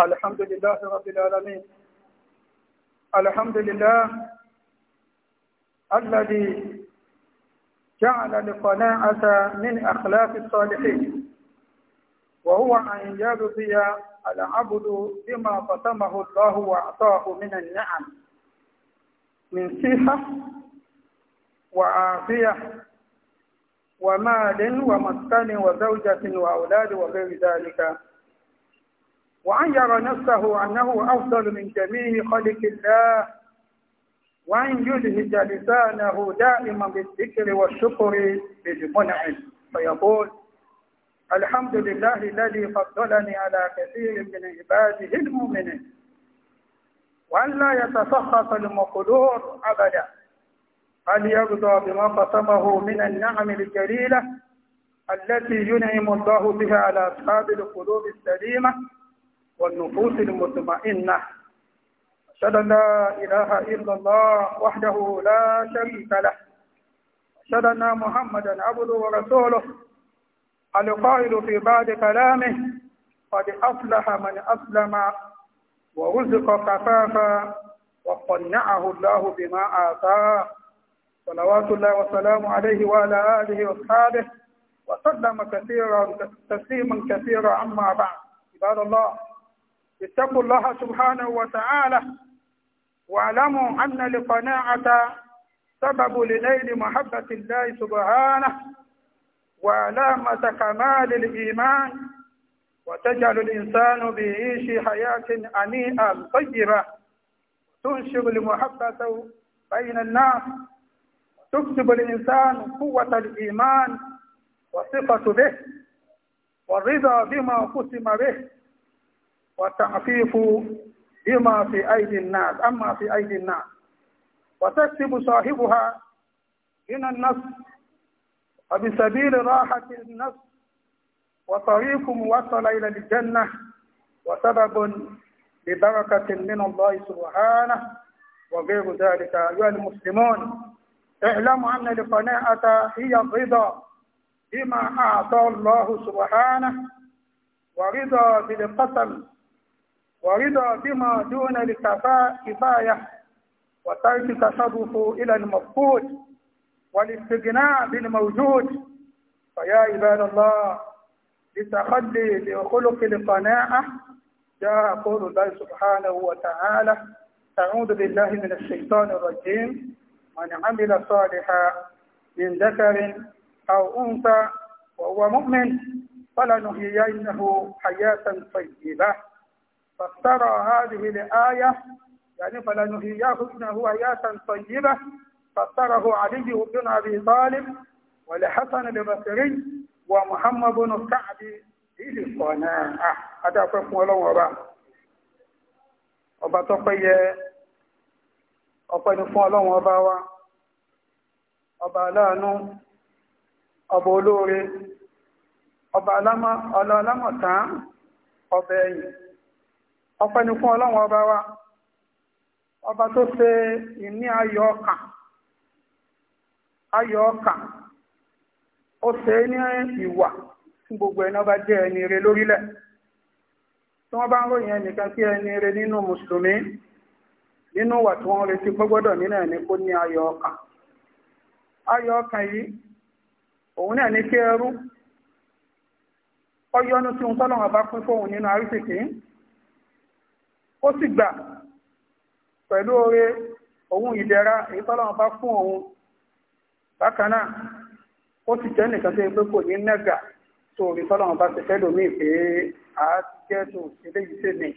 الحمد لله رب العالمين الحمد لله الذي جعل القناعة من أخلاق الصالحين وهو أن يرضي العبد بما قسمه الله وأعطاه من النعم من صحة وعافية ومال ومسكن وزوجة وأولاد وغير ذلك وأن يرى نفسه أنه أفضل من جميع خلق الله وأن يلهج لسانه دائما بالذكر والشكر بالمنعم فيقول الحمد لله الذي فضلني على كثير من عباده المؤمنين وأن لا يتسخط المقدور أبدا أن يرضى بما قسمه من النعم الجليلة التي ينعم الله بها على أصحاب القلوب السليمة والنفوس المطمئنة أشهد أن لا إله إلا الله وحده لا شريك له أشهد أن محمدا عبده ورسوله القائل في بعد كلامه قد أفلح من أسلم ورزق كفافا وقنعه الله بما آتاه صلوات الله وسلامه عليه وعلى آله وأصحابه وسلم كثيرا تسليما كثيرا عما بعد عباد الله اتقوا الله سبحانه وتعالى واعلموا أن القناعة سبب لنيل محبة الله سبحانه وعلامة كمال الإيمان وتجعل الإنسان بيعيش حياة أنيئة طيبة تنشر المحبة بين الناس تكسب الإنسان قوة الإيمان وثقة به والرضا بما قسم به وتعفيف بما في أيدي الناس أما في أيدي الناس وتكسب صاحبها من النفس وبسبيل راحة النفس وطريق موصل إلى الجنة وسبب ببركة من الله سبحانه وغير ذلك أيها المسلمون اعلموا أن القناعة هي الرضا بما أعطى الله سبحانه ورضا بالقسم ورضا بما دون الكفاء كفاية وترك التصرف إلى المفقود والاستغناء بالموجود فيا عباد الله لتخلي لخلق القناعة جاء قول الله سبحانه وتعالى أعوذ بالله من الشيطان الرجيم من عمل صالحا من ذكر أو أنثى وهو مؤمن فلنحيينه حياة طيبة فاخترى هذه الآية يعني فلنحيينه حياة طيبة فسره علي بن أبي طالب والحسن البصري ومحمد بن كعب إلى صناعة هذا فهم ولو وبا ọba tó péye ọpẹ́ fún Ọlọ́run ọba wa ọba aláàánú ọba olóore ọba alámọ̀tán ọba ẹ̀yìn ọpẹ́ ni fún ọlọ́run ọba wa ọba tó ṣe ìní ayọ̀ ọkàn ayọ̀ ọkàn ó ṣe é ní ìwà fún gbogbo ẹni ọba jẹ́ ẹni rẹ lórílẹ̀ tí wọ́n bá ń ròyìn ẹnìkan kí ẹni rẹ nínú mùsùlùmí nínú wà tí wọ́n retí nínú ẹni kó ní ayọ̀ ọkàn ayọ̀ ọkàn yìí òun náà ní kí ẹrú ọyọ́nu tí ń tọ́lọ́run ó sì gbà pẹ̀lú oore òun ìdẹ̀ra èyí tọ́lọ́run bá fún òun bákan náà ó sì jẹ́ nìkan tó yẹ pé kò ní nẹ́gà tó orí tọ́lọ́run bá ti fẹ́ lómi pé a jẹ́ tó eléyìí sí ni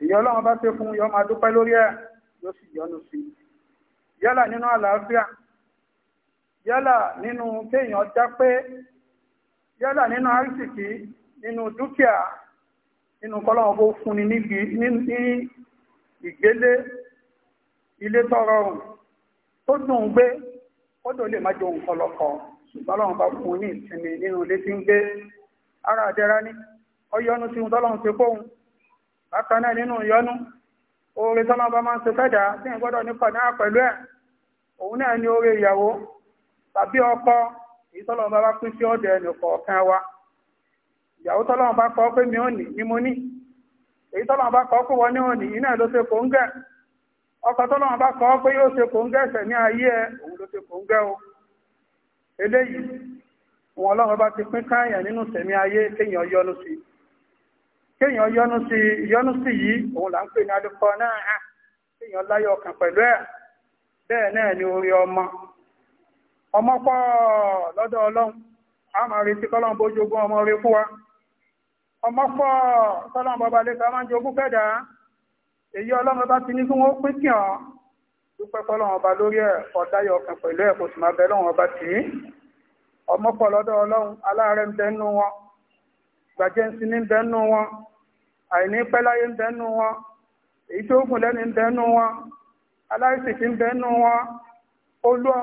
èyí ọlọ́run bá ṣe fún yọ máa dúpẹ́ lórí ẹ̀ yóò sì yọ́nú sí yálà nínú àlàáfíà yálà nínú kéèyàn já pé yálà nínú àrísìkí nínú dúkìá nínú kọ́lọ́wọ́ bó fúnni ní ìgbélé ilé tọ́rọrùn tó dùn gbé kódò lè kọlọkọ ṣùgbọ́n bá fún ní ìsinmi nínú gbé ara àdẹ́ra ní ọyọ́nú tí ń tọ́lọ́run ti kóhun náà nínú oore bá máa ń ṣe fẹ́dà tí ń gbọ́dọ̀ nípa náà pẹ̀lú ẹ̀ tàbí ọkọ bá bá pín sí ọ̀dọ̀ wa ìyàwó tọ́lọ́wọ́n bá kọ́ pé mi ò ní ni mo ní èyí tọ́lọ́wọ́n bá kọ́ pé wọ́n ní ọkọ tọ́lọ́wọ́n bá kọ́ pé yóò ṣe ẹ̀sẹ̀ ní o eléyìí wọn ọlọ́run bá ti pín káyàn nínú tẹ̀mí ayé kéèyàn yọnu sí kéèyàn yọnu sí yọnu sí yìí òun là ń pè ní adúkọ náà kéèyàn láyọ̀ pẹ̀lú ẹ̀ bẹ́ẹ̀ náà ni orí ọmọ ọmọ pọ̀ lọ́dọ̀ ọlọ́run a máa retí kọ́lọ́run bójú ogún ọmọ rẹ ọmọ pọ̀ tọ́lọ́mọ bàbá lè sọ́mọ́ jogún fẹ́dà èyí ọlọ́mọ bá ti ní kí wọ́n pín kí ọ́ dúpẹ́ tọ́lọ́mọ lórí ẹ̀ ọ̀dáyọ̀ ọ̀kan pẹ̀lú ẹ̀ kò sì máa bẹ tì í ọmọ ń wọn ń wọn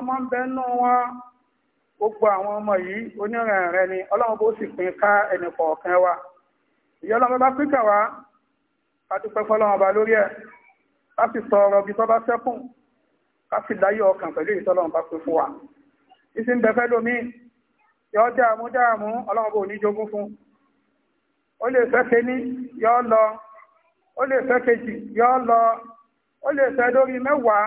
ọmọ ń wọn gbogbo àwọn ọmọ yìí ni ọlọ́run wa ìyọ́lọ́mọ bá pín kàwá a dúpẹ́ fọ́lọ́wọ́n bá lórí ẹ̀ a sì sọ ọ̀rọ̀ bí tọ́ bá sẹ́kùn a sì dáyọ̀ ọkàn pẹ̀lú ìtọ́lọ́wọ́n bá pín fún wa ìsì ń bẹ̀fẹ́ lómi yọ dààmú dààmú ọlọ́wọ́n bò ní jogún fún ó lè fẹ́ kéní yọ lọ ó lè fẹ́ kejì yọ lọ ó lè fẹ́ lórí mẹ́wàá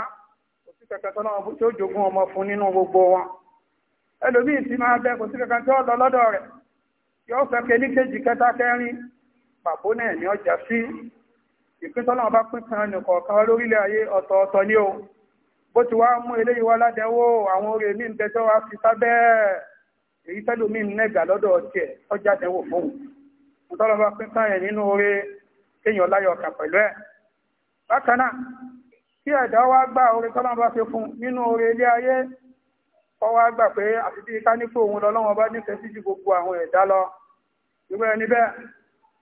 kò sí kẹ̀kẹ́ jogún ọmọ fún nínú gbogbo wọn ẹlòmíì ti máa bẹ kò sí kẹ̀kẹ́ lọ lọ́dọ̀ rẹ̀ yọ fẹ́ kéní kejì kẹta kẹrin pàbó náà ní ọjà sí ìpínsọ́nà bá pín kan lórílẹ̀ ayé ọ̀tọ̀ọ̀tọ̀ ni o bó ti wá mú eléyìí wá ládẹ́wọ́ àwọn oore mi ń tẹ́tọ́ wá fi sábẹ́ èyí nẹ́gà lọ́dọ̀ tiẹ̀ ọjà dẹ́wò fóun nínú oore kéèyàn láyọ̀ pẹ̀lú fi fún nínú oore ilé ayé wá gbà pé àfi òun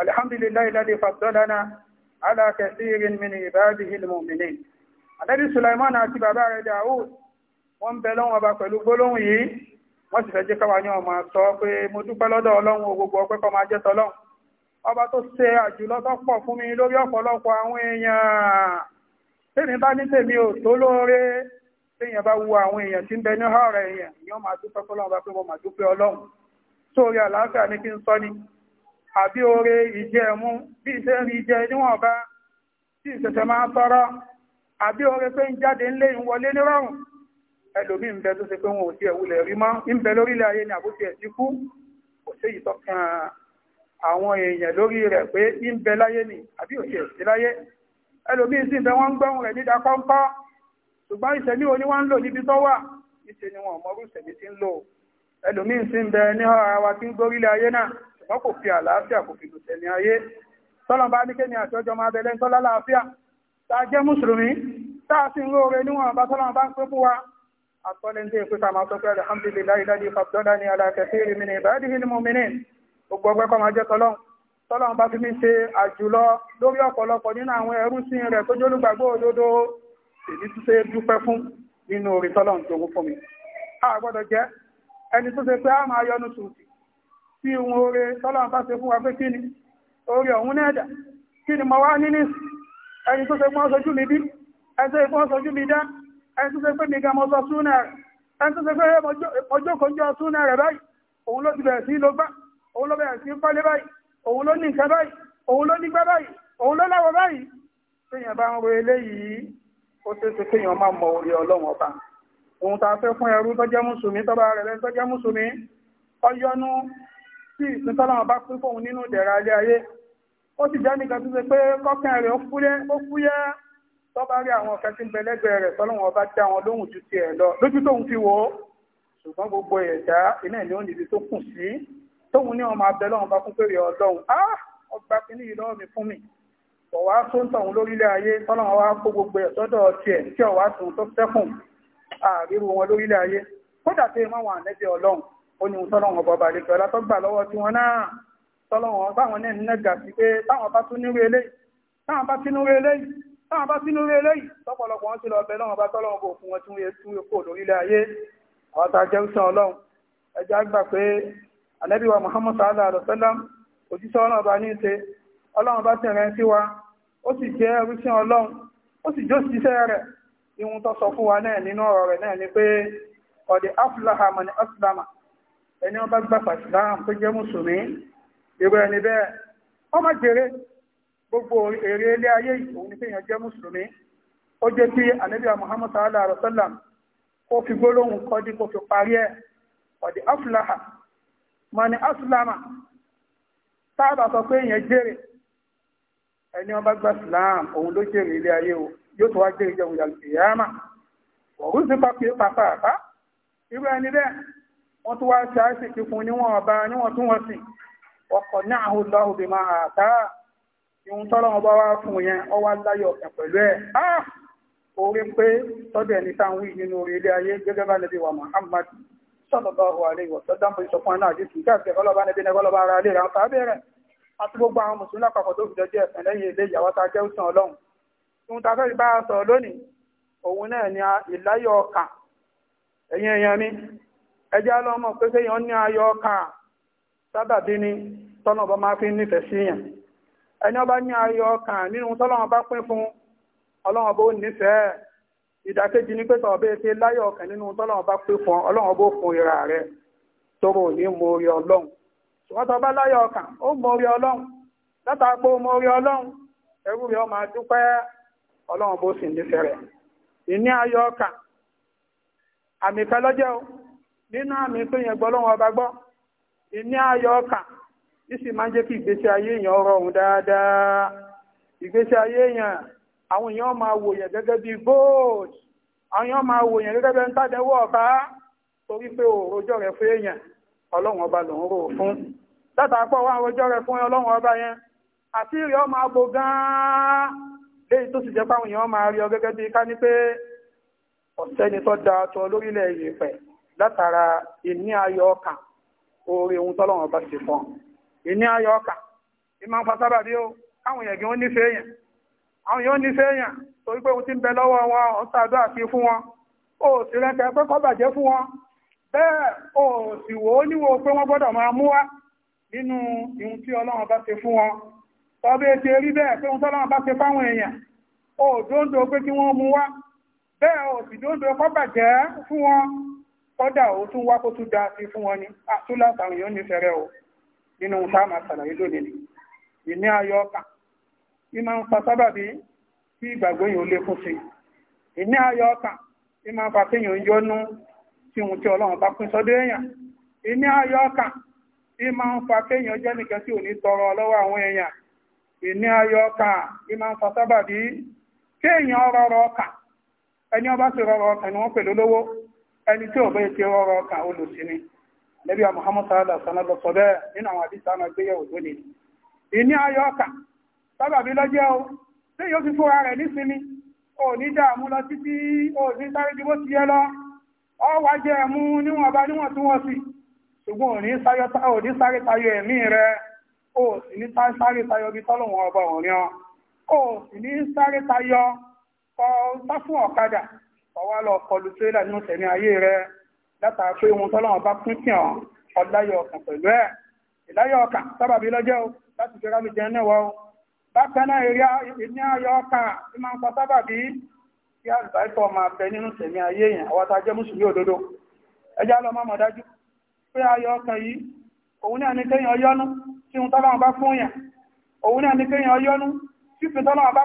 الحمد لله الذي فضلنا على كثير من عباده المؤمنين النبي سليمان àti bàbá rẹ̀ Dáúd wọ́n bẹ lọ́wọ́ ọba pẹ̀lú gbólóhùn yìí wọ́n sì fẹ́ jẹ́ káwa ní ọmọ sọ pé mo dúpẹ́ lọ́dọ̀ ọlọ́run gbogbo ọpẹ́ kọ́ máa jẹ́ tọ́lọ́run ọba tó ṣe àjùlọ tó pọ̀ fún mi lórí ọ̀pọ̀lọpọ̀ àwọn èèyàn tèmi bá ní tèmi ò tó lóore téèyàn bá wu àwọn èèyàn tí ń bẹ ní ọ̀rọ̀ èèyàn ni wọ́n máa dúpẹ́ fọlọ́run bá pé mo máa dúpẹ́ ọlọ́run sórí àlàáfíà ní kí n sọ ni àbí oore ìjẹ̀mú bí iṣẹ́ rí jẹ níwọ̀nba tí ìṣẹ̀ṣẹ̀ máa tọrọ àbí oore pé ń jáde ńlé ń nírọ̀rùn ẹlòmí ń bẹ tó ṣe pé wọn ò sí ẹ̀wulẹ̀ rí mọ́ ń bẹ ni àbúṣe ẹ̀sí kú kò sí ìtọ́kàn àwọn èèyàn lórí rẹ̀ pé ń ni àbí òṣè láyé sì ń bẹ wọ́n ń rẹ̀ nídà kọ́ńkọ́ ṣùgbọ́n ìṣẹ̀mí wo ni wọ́n ń lò níbi tó wà ni wọn ò mọrú ìṣẹ̀mí ti ń lò sì wa ti ń gbórílẹ̀ ayé náà ṣùgbọ́n kò fi àlàáfíà kò fi lùtẹ̀ ní ayé tọ́lọ̀ bá ní kéènì àti ọjọ́ máa bẹ̀lẹ́ tọ́lá láàáfíà tá a jẹ́ mùsùlùmí tá a sì ń lóore níwọ̀n bá tọ́lọ̀ bá ń pé fún wa àtọ́lẹ́ndé ìpínta máa tọ́pẹ́ alhamdulillahi alladhi faddalani ala kathirin min ibadihi al-mu'minin gbogbo ọgbẹ́ kọ́ máa jẹ́ tọ́lọ́n tọ́lọ́n bá fi mí ṣe àjùlọ lórí ọ̀pọ̀lọpọ̀ nínú ẹni tó ṣe pé a máa yọnu sùn tí ohun oore tọ́lọ́n bá ṣe fún wa pé kí ni oore ọ̀hún náà dà kí ni mo wá ní nísì ẹni tó ṣe pọ́n sojú mi bí ẹni tó ṣe pọ́n sojú mi dá ẹni tó ṣe pé mi ga mo sọ súnà rẹ̀ ẹni tó ṣe pé mo súnà rẹ̀ báyìí òun ló ti bẹ̀rẹ̀ sí ló bá òun ló bẹ̀rẹ̀ sí pọ́lé báyìí báyìí òun ló sí ìsìntọ́lọ́wọ́ bá pín fóun nínú ìdẹ̀ra alé ayé ó sì jẹ́ nìkan tó ṣe pé kọ́kàn rẹ̀ ó fúyẹ́ tó bá rí àwọn ọ̀kẹ́ tí ń bẹ lẹ́gbẹ̀ẹ́ rẹ̀ tọ́lọ́wọ́ bá dá wọn lóhùn ju tiẹ̀ lọ lójú tóun fi wò ó ṣùgbọ́n gbogbo ẹ̀dá iná ìlú níbi tó kù sí tóun ní ọmọ abẹ lọ́wọ́n bá fún péré ọlọ́run á ah! ọgbà kínní yìí lọ́wọ́ mi fún mi ọ̀wá tó ń tọ̀hún lórílẹ̀ ayé tọ́lọ́wọ́ wá kó gbogbo ẹ̀ sọ́dọ̀ tiẹ̀ tí ọ̀wá tó ń tó sẹ́kùn àríwú wọn lórílẹ̀ ayé kódà tó yẹ máa wà nẹ́bẹ̀ ọlọ́run ó ní tọ́lọ́wọ́n bọba àlejò alátọ́gbà lọ́wọ́ tí wọ́n náà tọ́lọ́wọ́n báwọn náà nẹ́gà sí pé táwọn bá tún nírú eléyìí táwọn bá tínú rẹ eléyìí táwọn bá tínú rẹ eléyìí tọ́pọ̀lọpọ̀ wọn ti lọ bẹ lọ́wọ́n bá tọ́lọ́wọ́n bò fún wọn tí wọ́n tún kò lórílẹ̀ ayé àwọn tá a jẹ́ sàn ọlọ́run ẹja gbà pé ànábì wa Muhammad sallallahu alaihi wa sallam òjíṣẹ́ ọlọ́run bá ní ṣe ọlọ́run bá ti rẹ̀ sí wa ó sì jẹ́ ẹrúṣẹ́ ọlọ́run ó sì jó ṣiṣẹ́ rẹ̀ ihun tó sọ fún wa náà nínú ọ̀rọ̀ rẹ̀ náà ni pé ọ̀dẹ̀ afúláhàmọ̀ ẹni wọ́n bá gbà pàṣíláàmù tó jẹ́ mùsùlùmí irú ẹni bẹ́ẹ̀ ó máa jèrè gbogbo èrè ilé ayé òun ni kéèyàn jẹ́ mùsùlùmí ó jẹ́ kí ànábì Muhammad sallallahu alaihi wasallam kó fi gbólóhùn kọ́ dí kó fi parí ẹ̀ ọ̀dì afúláhà mani asùlámà táàbà sọ pé èèyàn jèrè ẹni wọ́n bá islam òun ló jèrè ilé ayé o yóò tó wá jèrè jẹun yàlùkì yàmà òun sì pàpà irú ẹni bẹ́ẹ̀ wọ́n tó wá ṣáàṣì kí fún níwọ̀n ọba níwọ̀n tún wọ́n sì ọkọ̀ náà hù lọ́hù bí máa àtá ìhun tọ́lọ́ ọba wá fún yẹn ọ wá láyọ̀ pẹ̀lú ẹ̀ ah! orí pé tọ́dọ̀ ẹni tá ń wí ayé gẹ́gẹ́ bá lẹ́bí wa Muhammad sallallahu alaihi wa sallam sọ fún ẹ̀nà àdìsí káàkiri ọlọ́ba níbi ní ọlọ́ba ara ilé ìrànta abẹ́rẹ́ àti gbogbo àwọn mùsùlùmí lápapọ̀ tó fi jọjọ́ ẹ̀sìn lẹ́yìn ilé ìyàwó ta jẹ́ ni ìláyọ̀ ọkàn ẹ̀yìn mi ẹjá lọ́mọ pé séyàn ní ayọ̀ ọkàn sábàbí ni ọba máa fi nífẹ̀ẹ́ sí yàn ẹni ọba ní ayọ̀ ọkàn nínú tọ́lọ́wọ́n bá pín fún ọlọ́wọ́n nífẹ̀ẹ́ ìdàkejì ní pé tọ̀ọ̀bẹ́ ṣe láyọ̀ ọkàn nínú tọ́lọ́wọ́n fún ọlọ́wọ́n rẹ̀ tóró nínú àmì pé yẹn gbọ́ lọ́wọ́ ọba gbọ́ ìní ayọ̀ ọkà ìsì máa ń jẹ́ kí ìgbésí ayé èèyàn rọrùn dáadáa ìgbésí ayé èèyàn àwọn èèyàn máa wò yẹn gẹ́gẹ́ bí gold àwọn èèyàn máa wò yẹn gẹ́gẹ́ bí ń ọ̀bá torí pé òrojọ́ rẹ̀ fún ọba lòún rò fún wá rojọ́ fún ọlọ́run ọba yẹn àti ọmọ gan-an léyìí tó sì jẹ́ pé àwọn èèyàn máa gẹ́gẹ́ bí ká ní pé ọ̀sẹ́ni tó da látara ìní ayọ̀ ọkàn oore ohun tọ́lọ́wọ́n bá ṣe fún ìní ayọ̀ ọkàn ìmọ̀ ń fa sábà bí ó káwọn èèyàn kí wọ́n nífẹ̀ẹ́ èèyàn àwọn èèyàn nífẹ̀ẹ́ èèyàn torí pé ohun tí ń bẹ lọ́wọ́ wọn ò ń sàdó àfi fún wọn ó sì rẹ́kẹ̀ pé kọ́ bàjẹ́ fún wọn bẹ́ẹ̀ ó sì wò ó níwò pé wọ́n gbọ́dọ̀ máa mú wá nínú ihun tí ọlọ́run bá ṣe fún wọn tọ́bẹ̀ ti rí bẹ́ẹ̀ pé ohun tọ́lọ́run bá ṣe fáwọn èèyàn ó dóńdó pé kí wọ́n mú wá bẹ́ẹ̀ ó sì dóńdó kọ́ bàjẹ́ fún wọn kódà ó tún wá kó tún da sí fún wọn ni àtúlá ah, àtàwọn èèyàn nífẹ̀ẹ́ o nínú ohun tá a máa ṣàlàyé lónìí ni ìní ị ma ìmọ̀ ń fa sábàbí kí ìgbàgbọ́ yìí ó lékún sí ìní ayọ̀ ọkàn ìmọ̀ ń fa kéèyàn ń yọnu tí ohun tí ọlọ́run bá pín èèyàn ìní fa kéèyàn ní tọrọ lọ́wọ́ àwọn èèyàn ìní ń fa sábàbí kéèyàn rọrọ ẹni rọrọ ọkà ni wọ́n pè ẹni tí ò bẹ́ ti rọrọ ka olùsíní lẹ́bí a sallallahu alaihi wasallam sọ bẹ́ẹ̀ nínú àwọn àdìsá náà gbéyẹ̀ òjò ni ìní ayọ̀ ọkà sábàbí lọ́jẹ́ o tí yóò fi fúra rẹ̀ nísìnyí ò ní dààmú lọ títí ò ní sáré yẹ lọ ọ wá jẹ ẹmú níwọ̀n bá níwọ̀n wọ́n ṣùgbọ́n ò ní sáré tayọ ẹ̀mí ò sì ní sáré tayọ bí ọba òrìn ọ ò sì ní sáré tayọ ọwá lọ kọlu tírélà nínú ayé rẹ látara pé ohun tọ́lọ́wọ́n bá pín sí ọ̀hún ọláyọ̀ ọkàn pẹ̀lú ẹ̀ ìláyọ̀ sábàbí lọ́jọ́ o láti fi rámi jẹun o bákan náà èrè ní ayọ̀ tí máa ń pa sábàbí kí nínú tẹ̀mí ayé yẹn àwọn tá a jẹ́ mùsùlùmí òdodo lọ dájú pé ayọ̀ yìí òun bá fún yẹn òun bá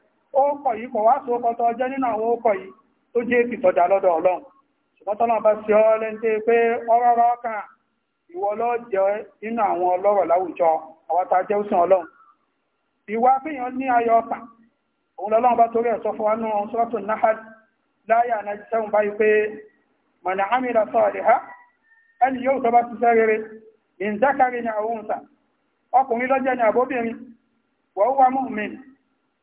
ó yi yìí kọ̀ wá sí ọkọ̀ tó ọjẹ́ nínú àwọn ọkọ̀ yìí tó jẹ́ èsì tọ́jà lọ́dọ̀ ọlọ́run ṣùgbọ́n tọ́lọ́ bá lẹ́ńtẹ́ pé kan ìwọ lọ́jẹ́ nínú àwọn ọlọ́rọ̀ láwùjọ àwọn tá a jẹ́ òsìn ọlọ́run ìwà ní ayọ̀ òun lọ́lọ́run bá torí ẹ̀sọ́ fún wa nú sọ́tù nahal láyà náà sẹ́wọ̀n báyìí pé mọ̀nà amílà sọ́ọ̀lẹ̀há ẹni yóò tọ́ bá ṣiṣẹ́ rere ìǹdákàrí ni àwọn òǹsà ọkùnrin lọ́jẹ́ ni àbóbìnrin wọ́n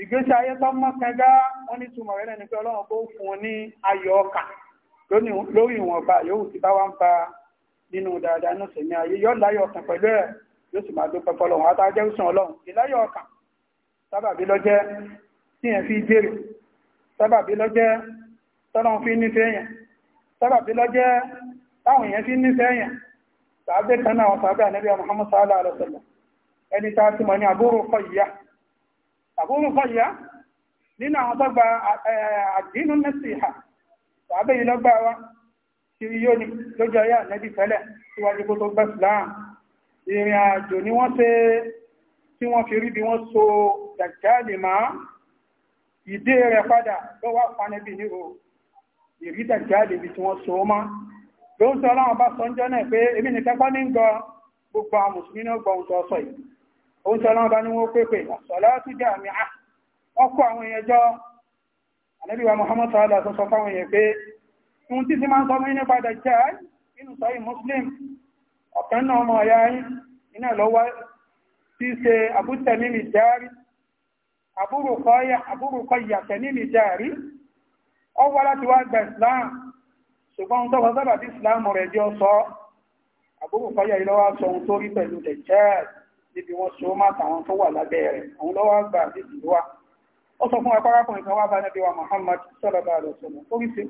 ìgbésí ayé tó mọ́ kẹgá wọn ní túmọ̀ rẹ̀ lẹ́ni pé ọlọ́run kó fún un ní ayọ̀ ọkà lórí ìwọ̀nba yòówù tí bá wá ń ba nínú dáadáa náà sẹ̀mí ayé yóò láyọ̀ ọkàn pẹ̀lú ẹ̀ yóò sì máa dúpẹ́ ọlọ́run ìláyọ̀ ọkàn sábàbí lọ́jẹ́ tí yẹn fi jèrè sábàbí fi nífẹ̀ẹ́ yẹn sábàbí lọ́jẹ́ fi nífẹ̀ẹ́ yẹn kan náà ẹni tá a ní àbúrò àbúrò fọ́yá nínú àwọn tó gba àdínú mẹ́sì ìhà tàbí yìí lọ́gbà wa tí yóò ní lójú ayé ànẹ́bí tẹ́lẹ̀ síwájú kó tó gbẹ́ Islam ìrìn àjò ni wọ́n ṣe tí wọ́n fi rí bí wọ́n so dàjáde máa ìdé rẹ̀ padà lọ́wọ́ fanẹ́bí ní o ìrí dàjáde bí tí wọ́n so mọ́ lóun sọ ọlọ́run bá sọ ń jẹ́ náà pé èmi nìkan kọ́ ní ń gọ gbogbo àwọn mùsùlùmí gbọ́ ohun tó sọ yìí òun tí ọlọ́run bá ní wọ́n pépè sọ̀látù jàmíà wọ́n kó àwọn èèyàn jọ ànábì wa Muhammad sọ́lá tó sọ fáwọn èèyàn pé ohun tí sí máa ń sọ mẹ́rin nípa dàjá nínú sọ́yí Muslim ọ̀kan náà ọmọ ọ̀yá iná lọ́wọ́ tí ṣe àbútẹ̀mímì járí àbúrúkọ ìyàtẹ̀mímì járí ọ wá láti wá Islam ṣùgbọ́n tó wọ́n sábà bí Islam rẹ̀ jọ sọ àbúrúkọ ìyà ìlọ́wọ́ sọ ohun tó rí pẹ̀lú dàjá níbi wọ́n so má tàwọn tó wà lábẹ́ rẹ̀ àwọn lọ́wọ́ àgbà àdìsí wa ó sọ fún apárákùnrin kan wá bá nàbí wa Muhammad sallallahu alaihi wasallam ó rí sí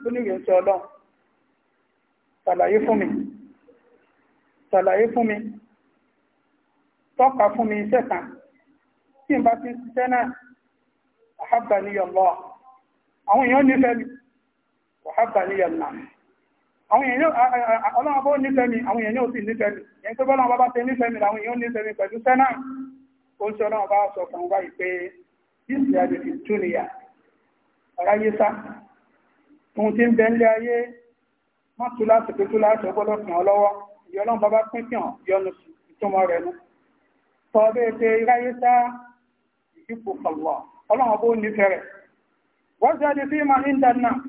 Ọlọ́run ṣàlàyé fún mi tọ́ka fún mi iṣẹ́ kan tí n bá ti ṣiṣẹ́ náà ahabbani Allah àwọn èèyàn nífẹ̀ẹ́ mi ahabbani Allah àwọn èèyàn ọlọ́run bó nífẹ̀ẹ́ mi àwọn èèyàn yóò sì nífẹ̀ẹ́ mi ẹni tó bọ́lọ́run bá ṣe nífẹ̀ẹ́ mi làwọn èèyàn nífẹ̀ẹ́ mi pẹ̀lú sẹ́nà ó ń ṣe ọlọ́run bá sọ fún wa pé ìsìn àjò ti tú nìyà ọ̀rá yé sá ohun tí ń bẹ ńlẹ̀ ayé má tú láti pé tú láti ọgbọ́dọ̀ kàn ọ́ lọ́wọ́ ìyá ọlọ́run bàbá pín kàn yọnu ìtumọ̀ rẹ̀ nu tọ́ bẹ́ẹ̀ ṣe iráyé sá ìdíkù ọlọ́run bó nífẹ̀ẹ́ rẹ̀ wọ́n ṣe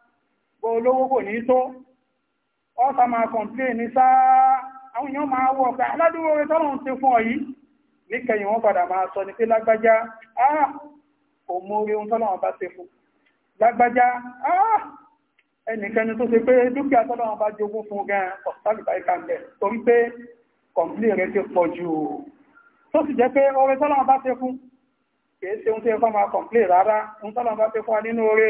bó olówó kò ní tó ọ́sà máa kọ̀m̀plé ní sáà àwọn èèyàn máa wọ̀ pé aládùúgbò ah, rẹ̀ tọ́lọ̀ ń ṣe fún ọ yìí níkẹyìn wọn padà máa sọ ní pé lágbájá áà ah, kò mú orí ohun tọ́lọ̀ bá ṣe fún lágbájá áà ah, ẹnìkẹni tó ṣe pé dúkìá tọ́lọ̀ bá jogún fún gan ọ̀sálùbá ìkàǹdẹ̀ torí pé kọ̀m̀plé rẹ̀ ti pọ̀ jù tó sì jẹ́ pé oore tọ́lọ̀ bá ṣe fún kìí ṣe ohun tó yẹ kọ́ máa kọ̀m̀plé rárá ohun tọ́lọ̀ bá ṣe fún wa nínú oore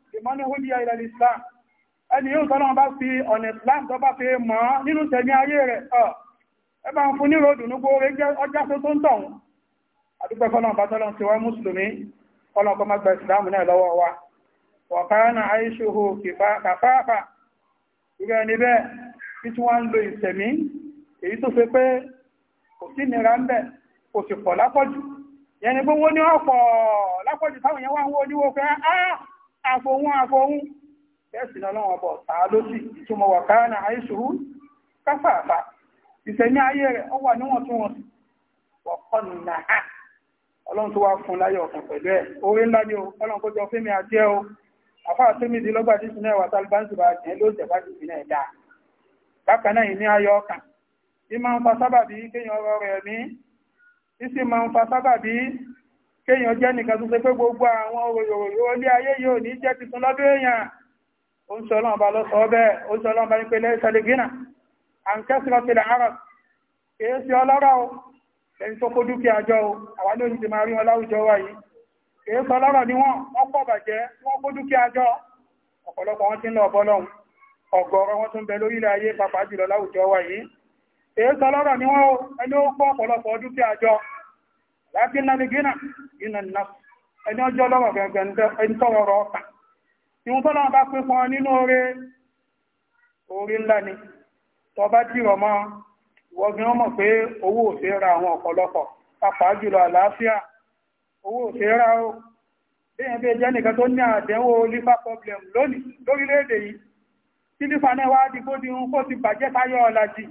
ìmọ́ni ó díẹ̀ ilẹ̀ Islam ẹni yóò tọ́lọ́ bá fi ọ̀nà Islam tó bá fi mọ́ nínú tẹ̀mí ayé rẹ̀ ẹ bá ń fún ní ròdù ní gbóore ọjà tó ń tọ̀hún àdúgbẹ́ fọ́lọ́n bá tọ́lọ́n ti wá mùsùlùmí fọ́lọ́n kọ́ mọ́gbà Islam náà lọ́wọ́ wa wọ̀kánà àìṣòho kàfáàfà ìrẹ́ ẹni bẹ́ẹ̀ tí tí wọ́n ń lo ìsẹ̀mí èyí tó fẹ́ pé kò sí nira ń bẹ̀ kò sì pọ̀ lápọ̀jù yẹni gbówó ní ọ̀pọ̀ lápọ̀jù táwọn yẹn wá ń wó níwó fẹ́ áà àfohún àfohún tẹ́sìn ọlọ́wọ̀n bọ̀ tàà lóṣì ìtumọ̀ wà káàna àìṣòro káfàfà ìsẹ̀mí ayé rẹ̀ ọ wà níwọ̀ntúnwọ̀nsì wọ̀kọ́nù náà ha fún láyọ̀ ọkàn pẹ̀lú orí ńlá ni àti o bá ló bákan náà ìní ọkàn ìmọ̀ nfa sábàbí kéèyàn ìsì nfa sábàbí kéèyàn jẹ́ nìkan tó ṣe pé gbogbo àwọn òyòròyò olé ayé yóò ní jẹ́ tuntun lọ́dún èèyàn ó ọba ọba ní pé lẹ́sẹ̀lẹ̀ gínà à ń kẹ́sìlọ́ ti o ẹni tó kó dúkìá jọ o àwa lóyún ti máa rí wọn láwùjọ wa yìí kìí ṣe ọlọ́rọ̀ ni wọ́n wọ́n pọ̀ bàjẹ́ wọ́n kó dúkìá jọ ọ̀pọ̀lọpọ̀ wọn ti ń lọ ọ̀bọ lákín náà gínà ina náà ẹni ọjọ́ lọ́wọ́ gẹ̀gẹ̀ ẹni tọ́rọ ọ̀tà ìwọ̀n tọ́lọ́wọ́ bá pín fún nínú orí orí ńlá ni tọ́ bá jìrọ̀ mọ́ wọ́gbìn ọmọ pé owó òfẹ́ ra àwọn ọ̀pọ̀lọpọ̀ pàápàá jùlọ àlàáfíà owó òfẹ́ ra ó bẹ́ẹ̀ bẹ́ẹ̀ jẹ́ nìkan tó ní àdẹ́wò lífà problem lónìí lórílẹ̀-èdè yìí tí lífà náà wá dìgbò di ohun kó ti bàjẹ́ táyọ̀ ọ̀làjì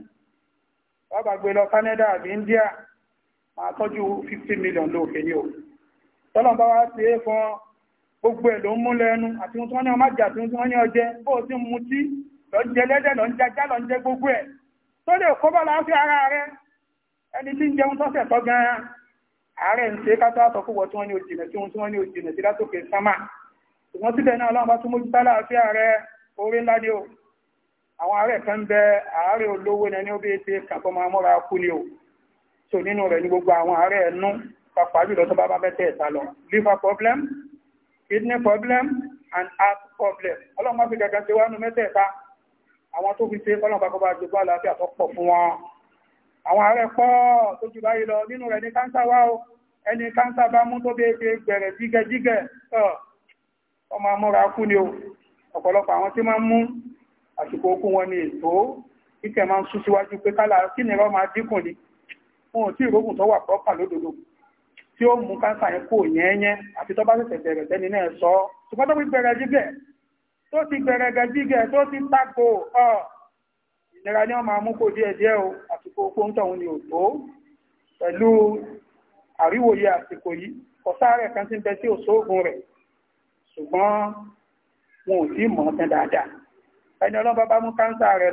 wọ́n bá lọ Canada àbí India máa tọ́jú 50 million lóòfè ní o tọ́lọ̀ bá wá sí é fún gbogbo ẹ̀ ló ń mú lẹ́nu àti ohun tí wọ́n ní ọmọ àjà àti ohun wọ́n ní ọjẹ́ bó o ti mú tí lọ jẹ lẹ́dẹ̀ lọ ń jajá lọ ń jẹ gbogbo ẹ̀ tó lè kó bá láàfin ara rẹ ẹni tí ń jẹun tọ́sẹ̀ tọ́ gan-an ààrẹ ń ṣe kátó àtọ́kùwọ̀ tí wọ́n ní òjìnà sí ohun tí wọ́n ní òjìnà sí látòkè sámà ṣùgbọ́n síbẹ̀ náà ọlọ́run bá tún mójú bá láàfin ààrẹ orí ńlá o àwọn ààrẹ kan ń bẹ ààrẹ olówó ní ẹni ó bí ṣe kàbọ̀ máa so nínú rẹ̀ ní gbogbo àwọn ààrẹ ẹnu pàpà jùlọ tó bá bá bẹ́tẹ̀ ẹ̀ta lọ liver problem kidney problem and heart problem ọlọ́mọ fi gẹ̀gẹ̀ ṣe wánú mẹ́tẹ̀ẹ̀ta àwọn tó fi ṣe ọlọ́mọ kọ́ bá jùlọ àlàáfíà tó pọ̀ fún wọn àwọn ààrẹ pọ̀ tó jù báyìí lọ nínú rẹ̀ ní káńsà wá o ẹni káńsà bá mú tó bèèrè gbẹ̀rẹ̀ jígẹ̀jígẹ̀ ọmọ amúra kú ni o ọ̀pọ̀lọpọ̀ àwọn tí máa ń mú àsìkò okú wọn ni ètò kíkẹ̀ máa ń sún síwájú pé kálà kí ni rọ́ máa dínkù ni wọn ò tí ìrógùn tó wà pọ́pà lódodo tí ó mú káńsà yẹn kó yẹ́nyẹ́ àti tó bá sì tẹ̀sẹ̀ tẹ́ni náà sọ ṣùgbọ́n tó fi gbẹ̀rẹ̀ jígẹ̀ tó ti gbẹ̀rẹ̀ gẹ̀jígẹ̀ tó ti tako ọ̀ ìnira ni wọ́n máa mú kó díẹ̀ díẹ̀ o àsìkò kóńtọ̀ òun ni ò tó pẹ̀lú àríwòye àsìkò yìí ọ̀sáàrẹ̀ kan ti ń bẹ sí òṣòògùn rẹ̀ ṣùgbọ́n wọn ò tí mọ̀ ọ́n tán dáadáa ẹni ọlọ́ba bá mú káńsà rẹ̀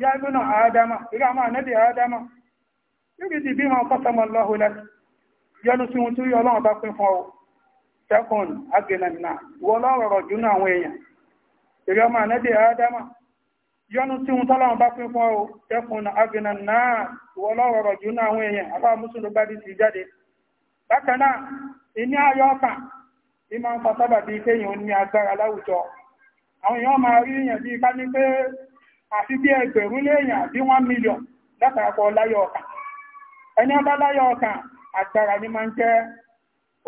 يا ابن آدم إلى ما نبي آدم يريد ya قسم الله لك يلو سنتو adama ọ tẹ́kùn agbìnà náà wọ́n lọ́rọ̀rọ̀ jù náà àwọn èèyàn ya mùsùlùmí bá di ti jáde bákan na ìní ayọ̀ ọkàn ní máa ń fa sábà bíi kéèyàn ní agbára láwùjọ àwọn èèyàn máa rí èèyàn bíi àti bí ẹgbẹ̀rún léèyàn bí wọ́n mílíọ̀n látàkọ láyé ọkà ẹni ọba láyé ọkà àgbàrà ni máa ń jẹ́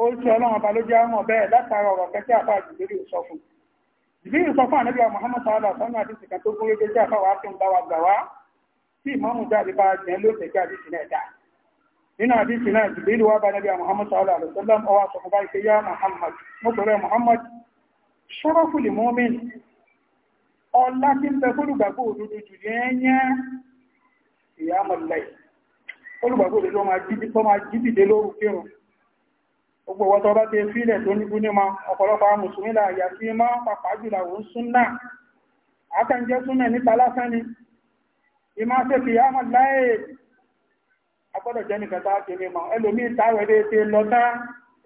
ó ń sọ ọlọ́run ọba ló jẹ́ ọmọ bẹ́ẹ̀ látara ọ̀rọ̀ kẹtẹ́ àbá jùlórí sọ fún jùlórí sọ fún Muhammad sallá sọ́nà àti ìsìnkà tó jẹ́ ń bá wa gbà wá tí ìmọ̀mù jáde bá jẹ́ ló nínú àdìsí náà wà Muhammad ọwọ́ sọ yá Muhammad Muhammad ṣọ́rọ́fù lè ọlá tí ń bẹ fólùgbàgbò òdodo jù yẹ́yẹ́ ìyámọ̀lẹ̀ olùgbàgbò òdodo máa jíbìdé lóru kírun gbogbo ọwọ́tọ́ bá ti fílẹ̀ tó ní gúní ma ọ̀pọ̀lọpọ̀ mùsùlùmí láàyà sí ma pàpà jùlọ òun súnnà àtàǹjẹ́ súnnà nípa lásán ni ìmá ṣe fi yá máa láyé agbọ́dọ̀ jẹ́ nìkan tá ti mímọ̀ ẹlòmí táwẹ̀ dé ti lọ́tá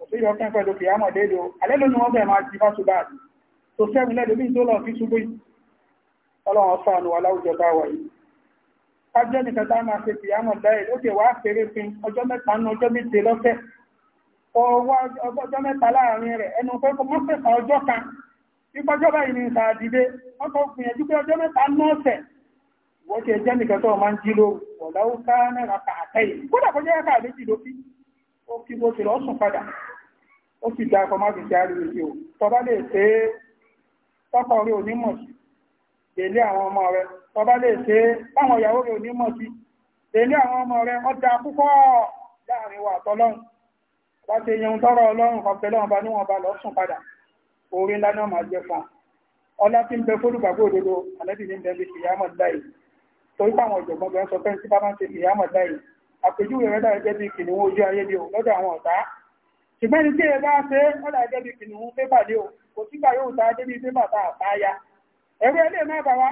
òfin ọkàn pẹ̀lú fi yá máa dédò alẹ́lónú wọn bẹ̀ máa jí fásubá tó sẹ́gun lẹ́lòmí tó lọ fi ṣubú ọlọ́run ọ̀sánù aláwùjọ bá wà yìí kájẹ́ nìkan tá máa ṣe fìyàmọ̀ láì ó ti wá fèrè fin ọjọ́ mẹ́ta nú ọjọ́ méje lọ́fẹ́ ọjọ́ mẹ́ta láàrin rẹ̀ ẹnu pé kò mọ́ pẹ̀sà ọjọ́ kan nípa ọjọ́ báyìí ní ìta àdìdé wọ́n tó gbìyànjú pé ọjọ́ mẹ́ta nú ọ̀sẹ̀ wọ́n ti ẹjẹ́ nìkan tó máa ń jí lóru ọ̀láwó ká náírà kà àtẹ́yìn kódà kọjá yá káà méjì ló fi ó fi bó ti lọ sùn padà ó sì da ọkọ̀ má fi ṣe àríwèsí o tọ́ba lè ṣe é tọkọ rí onímọ̀ sí tẹ̀lé àwọn ọmọ rẹ̀ tọba lè ṣe báwọn ìyàwó rẹ̀ onímọ̀ sí tẹ̀lé àwọn ọmọ rẹ̀ ọjà púpọ̀ láàrin wa tọ́lọ́run wá ṣe yẹun tọ́rọ ọlọ́run ọ̀pẹ̀lọ́run bá níwọ̀n bá lọ sùn padà orí ńlá náà máa jẹ fún ọlá tí ń bẹ fólùgbàgbọ́ òdodo àlẹ́bí ní bẹ́ẹ̀ bí kìyàmọ̀ láì torí pàwọn ọ̀jọ̀gbọ́n bẹ́ẹ̀ sọ fẹ́ǹsì bá máa ń ṣe kìyàmọ̀ láì àpèjúwe rẹ̀ dàrí jẹ́ bí kìnìún ojú ayé ni o lọ́dọ̀ àwọn ọ̀tá ṣùgbọ́n ní tí ẹ bá ṣe ó dàrí jẹ́ bí kìnìún pépà ni o kò sígbà yóò ta dé bí pépà tá a fáyà eru ele mẹ́bà wá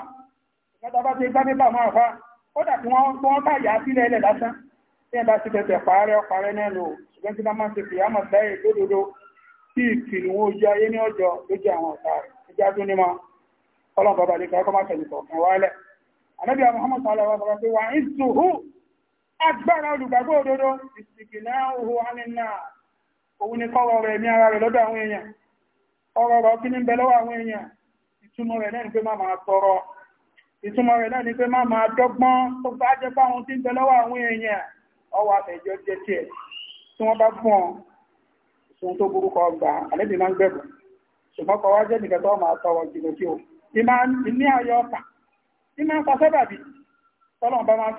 ìgbàtà bá ti gbá nípa máa fa ó dàbí wọ́n tó wọ́n bá yà á sílẹ̀ ilẹ̀ lásán tí ẹ̀bá ti tẹ̀tẹ̀ pàárẹ̀ ọparẹ́ náà ṣùgbọ́n tí wọ́n máa ti fi àmọ̀ lẹ́yìn lódodo tí ìkìlì wọn ojú ayé ní ọjọ́ lójú àwọn ọ̀tá tó nímọ̀ bàbá lè kọ́ ìtumọ̀ rẹ̀ náà ma pé má máa tọrọ ìtumọ̀ rẹ̀ náà pé má máa dọ́gbọ́n tó bá jẹ́ fáwọn tí ń bẹ lọ́wọ́ àwọn èèyàn ọwọ́ àtẹ̀jọ́ jẹ́ tiẹ̀ tí wọ́n bá fún ọ sun tó burúkọ àlébì máa ń gbẹ̀bù ṣùgbọ́n wá jẹ́ nìkan tó máa ní máa ń pa tọ́lọ̀ bá máa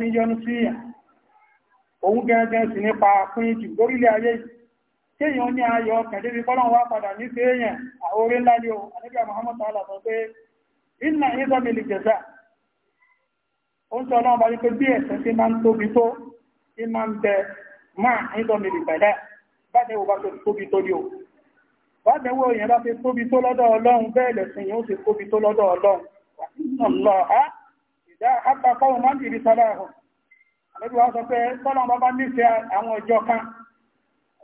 kéèyàn ní ayọ̀ ọkàn débi wá padà ní sí èèyàn àorí ńlá o àníbíà Muhammad ala sọ pé iná ìzọ́mìlì jẹ̀sà ó ń sọ bá pé bí ẹ̀sẹ̀ tí máa ń tóbi tó tí máa ń bẹ máa ìzọ́mìlì pẹ̀lẹ́ bájẹ́wò bá tó tóbi tó ní o bájẹ́wò èèyàn bá tóbi tó lọ́dọ̀ Ọlọ́run bẹ́ẹ̀ lẹ̀sìn yóò fi tóbi tó lọ́dọ̀ Ọlọ́run wà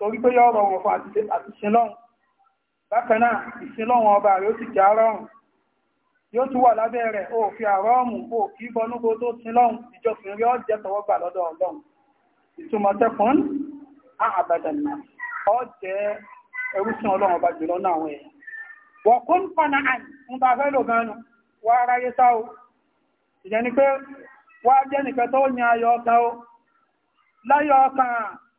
torí pé yọ́ rọrùn fún àti ṣẹlọ́run bákan náà ìṣẹlọ́run ọba rẹ̀ ó sì já rọrùn yóò tún wà lábẹ́ rẹ̀ ó fi àrọ́ọ̀mù ó kí bọnúkó tó ti lọ́run ìjọsìn rí ọ̀jẹ́ tọwọ́ gbà lọ́dọ̀ ọlọ́run ìtumọ̀ tẹkùn àbàdàn náà ọ̀jẹ́ ẹrúsìn ọlọ́run ọba jùlọ náà àwọn èèyàn wọ́n kún fọ́nà àn ń bá fẹ́ lò gan-an wá aráyé o ìyẹn ni pé wá jẹ́ nìkan tó yan ayọ̀ o láyọ̀ ọkàn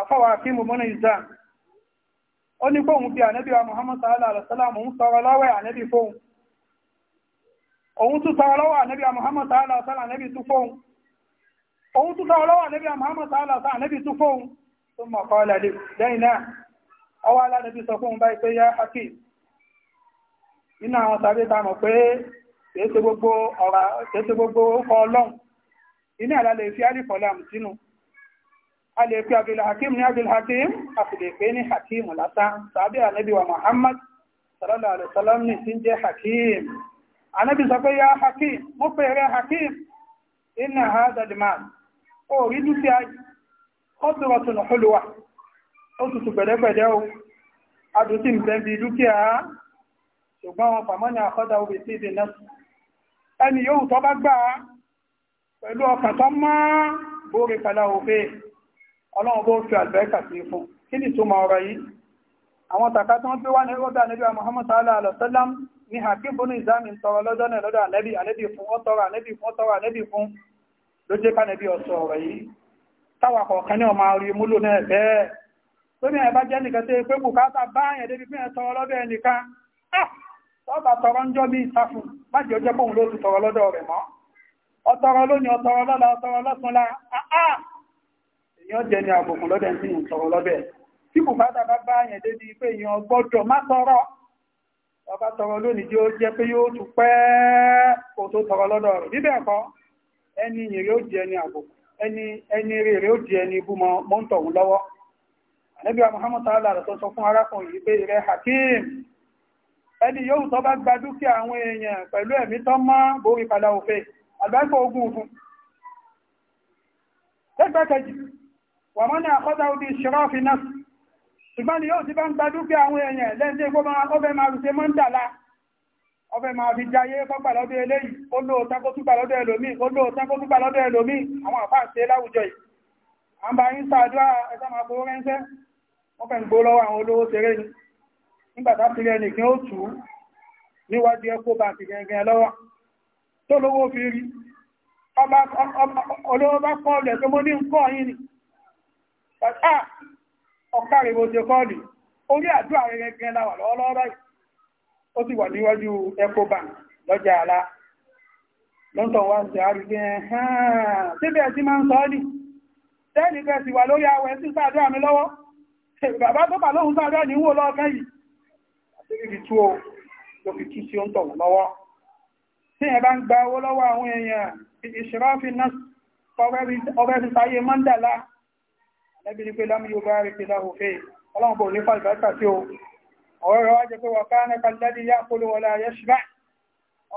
àfọwà kí mo mọ́nà ìzá ó ní kóhun bí ànẹ́bí wa Muhammad sallallahu alaihi wasallam òun sọ̀rọ̀ lọ́wọ́ ànẹ́bí fóhun òun tún sọ̀rọ̀ lọ́wọ́ ànẹ́bí wa Muhammad sallallahu alaihi wasallam ànẹ́bí tún fóhun òun tún sọ̀rọ̀ lọ́wọ́ ànẹ́bí wa Muhammad sallallahu alaihi wasallam ànẹ́bí tún fóhun tó mọ̀ kọ́ lẹ́lẹ́ lẹ́yìn náà ọwọ́ alánẹ́bí sọ fóhun báyìí pé yá hafi nínú àwọn tàbí ta mọ̀ pé kèése gbogbo ọ̀rọ̀ kèése gbogbo ọkọ̀ ọlọ́run inú àlálẹ̀ ìfi àlìfọ̀lá a lè pe Abdul Hakim ní Abdul Hakim a sì lè pe ní Hakim lásán tàbí ànábì wa Muhammad sallallahu alaihi wasallam ní sí jẹ́ Hakim ànábì sọ pé ya Hakim mo pè rẹ Hakim inna hadha al-mal ó rí dúkìá qadratun hulwa ó tutù pẹ̀lẹ́pẹ̀lẹ́ o adùtí ń bẹ́ bí dúkìá ṣùgbọ́n wọn pàmọ́ ní àkọ́dá orí sí ìdè náà ẹni yóò tọ́ bá gbà pẹ̀lú ọkàn tó mọ́ bóre pẹ̀lá òfin ọlọ́run bó fi àlùbẹ́kà sí fún kí ni túmọ̀ ọ̀rọ̀ yìí àwọn tàkà tí wọ́n fi wá ní ọdọ̀ ànẹ́bí Muhammad sallallahu alaihi wasallam ní hakim bunu izami ń tọrọ lọ́jọ́ náà lọ́dọ̀ ànẹ́bí ànẹ́bí fún ó tọrọ ànẹ́bí fún ó tọrọ ànẹ́bí fún ló jẹ́ kánẹ́bí ọ̀sọ̀ ọ̀rọ̀ yìí táwa kọ̀ọ̀kan ní ọmọ orí múlò náà bẹ́ẹ̀ lórí ẹ̀ bá jẹ́ nìkan tẹ́ pé bùkátà báyẹn débi pé ẹ tọrọ lọ́dọ̀ ẹnìkan ah! tọ́ba lónìí ọtọrọ lọ́la ọtọrọ lọ́túnla ah, ah! èyàn jẹ́ ní àbùkù lọ́dẹ̀ tí ń sọ̀rọ̀ lọ́bẹ̀ tí bùkátà bá bá yẹn débi pé èyàn gbọ́dọ̀ má tọrọ ọba tọrọ lónìí tí ó jẹ́ pé yóò tún pẹ́ tó tọrọ lọ́dọ̀ rẹ̀ bíbẹ̀ ẹni ní ẹni ní ibú mọ́ ń tọ̀hún lọ́wọ́ wa rẹ̀ tó fún arákùnrin yìí pé Hakim wà mọ́nà àkọ́ta òbí ṣọ́rọ́fì náà ṣùgbọ́n ni yóò ti bá ń gba dúkìá àwọn èèyàn lẹ́sẹ̀ gbọ́ ọbẹ̀ máa rùsẹ̀ mọ́ ń dàlá ọbẹ̀ máa fi jayé pọ́pà lọ́dọ̀ eléyìí ó lóò tákó túpà lọ́dọ̀ ẹlòmí ó lóò tákó túpà lọ́dọ̀ ẹlòmí àwọn àfáà ṣe ni nígbàtá sí rẹ̀ nìkan ó tù ú níwájú ẹkọ́ bá ti gẹ̀ẹ́gẹ̀ẹ́ lọ́wọ́ tó lówó ọ̀tá ah, ọ̀kárẹ̀ mo ṣe kọ́ọ̀lì orí àdúrà rẹ̀ gẹ́gẹ́ láwà lọ́wọ́lọ́wọ́ báyìí ó sì wà níwájú Ecobank lọ́jà àlá lọ́ntàn wá ṣe àrígbé ẹ̀hán síbẹ̀ tí máa ń sọ ọ́ nì tẹ́ẹ̀lì fẹ́ sì wà lórí àwẹ̀ sí sáàdúrà mi lọ́wọ́ bàbá tó bà lóhun sáàdúrà ní wò lọ́ọ̀kan yìí àti ibi tú o ló fi tú sí oúntọ̀ lọ́wọ́ tí ẹ bá ń gba owó lọ́wọ́ àwọn èèyàn ìṣẹ́ráfínà ọ̀rẹ́ fi sáyé mọ́ndàlá lẹ́bí ní pé lámú yóò bá rí pé láhùn fèé ọlọ́run bò ní fàlùbáríkà tí ó ọ̀rọ̀ rẹ̀ wájẹ́ pé wọ́ká nípa lẹ́dí yá polówó ọlá ayé ṣùgbọ́n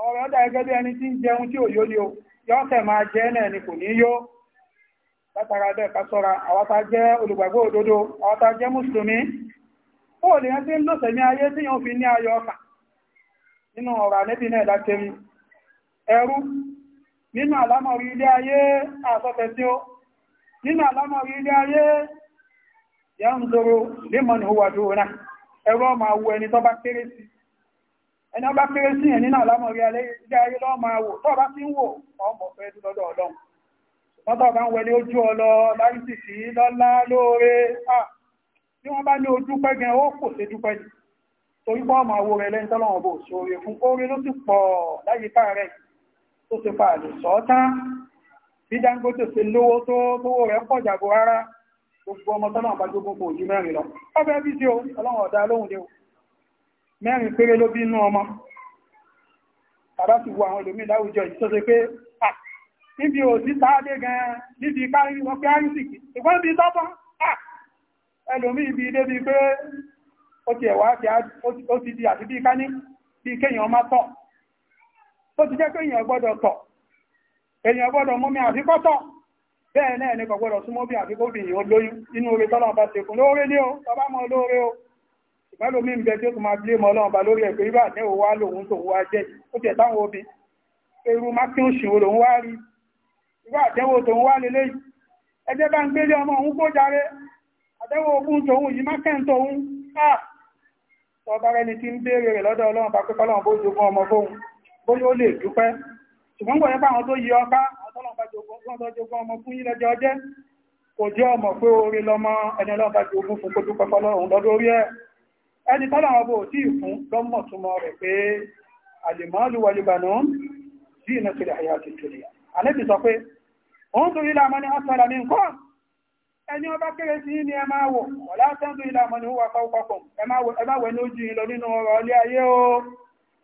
ọ̀rọ̀ ọ̀dà gẹ́gẹ́ bí ẹni tí ń jẹun tí ò yó ni o yọ́ọ̀tẹ̀ máa jẹ́ nínú àlámọ̀rí ilé ayé àsọ̀tẹ̀ tí ó nínú àlámọ̀ ilé ayé ya ń zoro lémọ̀nì ó wà ẹ̀rọ ọmọ wo ẹni tó bá kéré sí ẹni ọba kéré sí ẹ̀ nínú ilé ayé lọ́ bá sí ń wò ọmọ fẹ́ lọ́dọ̀ ọlọ́run wọ́n bá ń ọlọ sí lọ́lá lóore à wọ́n bá ní ojú ó kò sí dúpẹ́ torí ọmọ àwọ̀ rẹ̀ lẹ́yìn fún ló sì pọ̀ bí Dangote ṣe lówó tó lówó rẹ̀ pọ̀ jàgbó rárá gbogbo ọmọ tọ́lọ̀ bá jógún kò jí mẹ́rin lọ ọbẹ̀ bí tí o ọlọ́run ọ̀dá lóhun ni o mẹ́rin péré ló bí inú ọmọ bàbá ti wo àwọn ìlòmí láwùjọ yìí tó ṣe pé à níbi òsì sáádé gan-an níbi kárí wọn pé árísìkì ìgbọ́n níbi tọ́pọ̀ à ẹlòmí ibi débi pé ó ti ẹ̀wà ó ti di àti bí ká ní bí kéèyàn má tọ̀ tó ti jẹ́ kéèyàn gbọ́dọ̀ tọ̀ èyàn gbọ́dọ̀ mú mi àfikọ́tọ̀ bẹ́ẹ̀ náà ní kọ̀gbọ́dọ̀ súnmọ́ bí àfikóbìnrin olóyún inú orí tọ́lọ̀ bá ṣe fún lóore ní o tọba mọ́ lóore o ìgbẹ́lò mi ń bẹ tí ó tún máa bí mọ́ lọ́wọ́ bá lórí ẹ̀ pé ibà ní òwú wá lòun tó wá jẹ́ ó tiẹ̀ táwọn obì eru mákíún ṣì wá rí ibà àtẹ́wò tòun wá lélẹ́ yìí ẹjẹ́ bá ń gbélé ọmọ òun kó jàre àtẹ́wò ogun tòun yìí mákẹ́ǹ tòun ká tọba rẹni tí ń béèrè rẹ̀ lọ́dọ̀ ọlọ́run bá pé kọ́lọ́run bó ṣùgbọ́n gbọ́dọ̀ bá àwọn tó yí ọká àtọ́lọ́gbàjogún ọmọ fún yín lọ́jọ́ ọjẹ́ kò jẹ́ ọmọ pé orí lọ́mọ ẹni ọlọ́gbàjogún fún kó dúpẹ́ fọlọ́run lọ́dọ̀ orí ẹ̀ ẹni tọ́lọ́wọ́ bó tí ìfún lọ́mọ̀ túnmọ̀ rẹ̀ pé àlèmọ́lù wàlúbànú sí iná kiri àyà tuntun àlébì sọ pé òun tó ilá mọ́ni ọ̀sọ̀rọ̀ ní nǹkan ẹni ọba kéré sí ní ẹ máa wò ọ̀lá tẹ́ntù ilá mọ́ni wà pàwọ́pàpọ̀ ẹ máa wẹ̀ ní ojú ìlọ nínú ọ̀rọ̀ ilé ayé o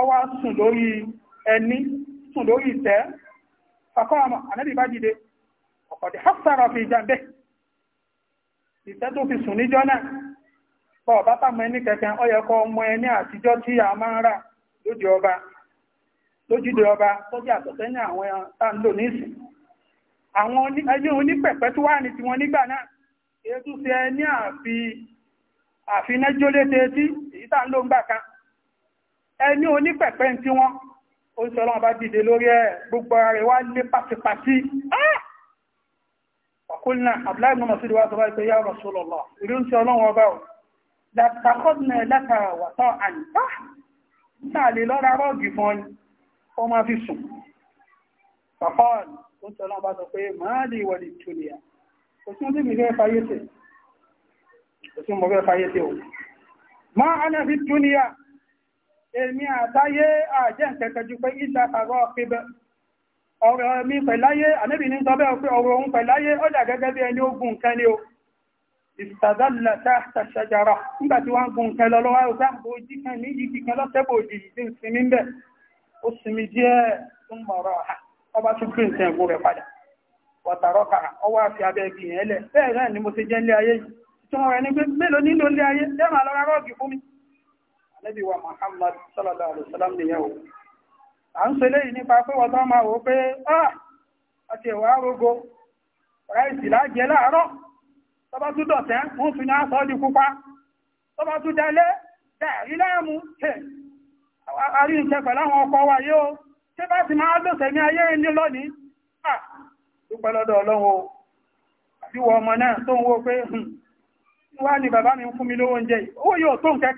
ọwọ́ sùn lórí ẹni sùn lórí ìtẹ́ fàkọ́ọ̀mọ̀ ànábì bá dìde ọ̀pọ̀dé hapsara fi jàǹbẹ́ ìtẹ́ tó fi sùn níjọ́ náà bọ́ ọba pàmọ́ ẹni kẹkẹ, ọyẹ kọ́ ọmọ ẹni àtijọ́ tí a máa ń rà lójú ọba lójúde ọba tó àtọ̀tẹ́ ní àwọn tá ń lò nísìn àwọn ẹni onípẹ̀pẹ́ tó wà ní tiwọn nígbà náà fi ẹni àfi àfinájólé tẹ́tí èyí tá ń lò ń gbà kan ẹni onípẹ̀pẹ́ tí wọ́n ó ń sọ ọlọ́run bá dìde lórí ẹ̀ gbogbo ara rẹ̀ wá lé pátipátí ọkùnrin abdullahi mọ́mọ́ sí ìwà sọ́bá ìpẹ́yà Rasulullah ìrí ń sọ ọlọ́run ọba ò látàkọ́dùnà látara wàtọ́ àyíká náà lè lọ́ra rọ́ọ̀gì fún ọni ó máa fi sùn pàpọ́ọ̀n ó sọ ọlọ́run bá sọ pé máa lè wọlé tùlìyà kò sí mọ́ fẹ́ fayé tẹ̀ o máa ana fi tùlìyà èmi àtayé àjẹ́ ǹkẹ́kẹ́jú pé ìlà àrọ́ pípẹ́ ọ̀rọ̀ mi pẹ̀láyé àníbì ní sọ́bẹ̀ pé ọ̀rọ̀ òun pẹ̀láyé ó dà gẹ́gẹ́ bí ẹni ó gùn nǹkan ni ó ìsàdálà táàtà ṣàjára nígbà tí wọ́n gùn nǹkan lọ́wọ́ ó dá bòójì kan ní igi kan lọ́sẹ̀ bòójì yìí ń sinmi ń bẹ̀ ó sinmi díẹ̀ ń mọ̀rọ̀ ọba tún gbé nǹkan ẹ̀gbọ́n rẹ̀ padà wàtàrọ̀ kà ọwọ́ àfi abẹ́ gbìyànjẹ́ lẹ̀ bẹ́ẹ̀ náà ni mo ti jẹ́ ilé ayé yìí tí wọ́n rẹ̀ ní pé mélòó nílò ilé ayé Ànábì wa Muhammad sallallahu alaihi wasallam ya o à ń ṣe nípa pé wọ́n tó máa wò ah, a ti ẹ̀wà arógo ráìsì láàjẹ láàárọ̀ tó bá tún dọ̀tẹ́ wọ́n tún ní aṣọ di pupa tó bá mu dalẹ́ dàrí láàmú wa o na ah, hmm, mi mi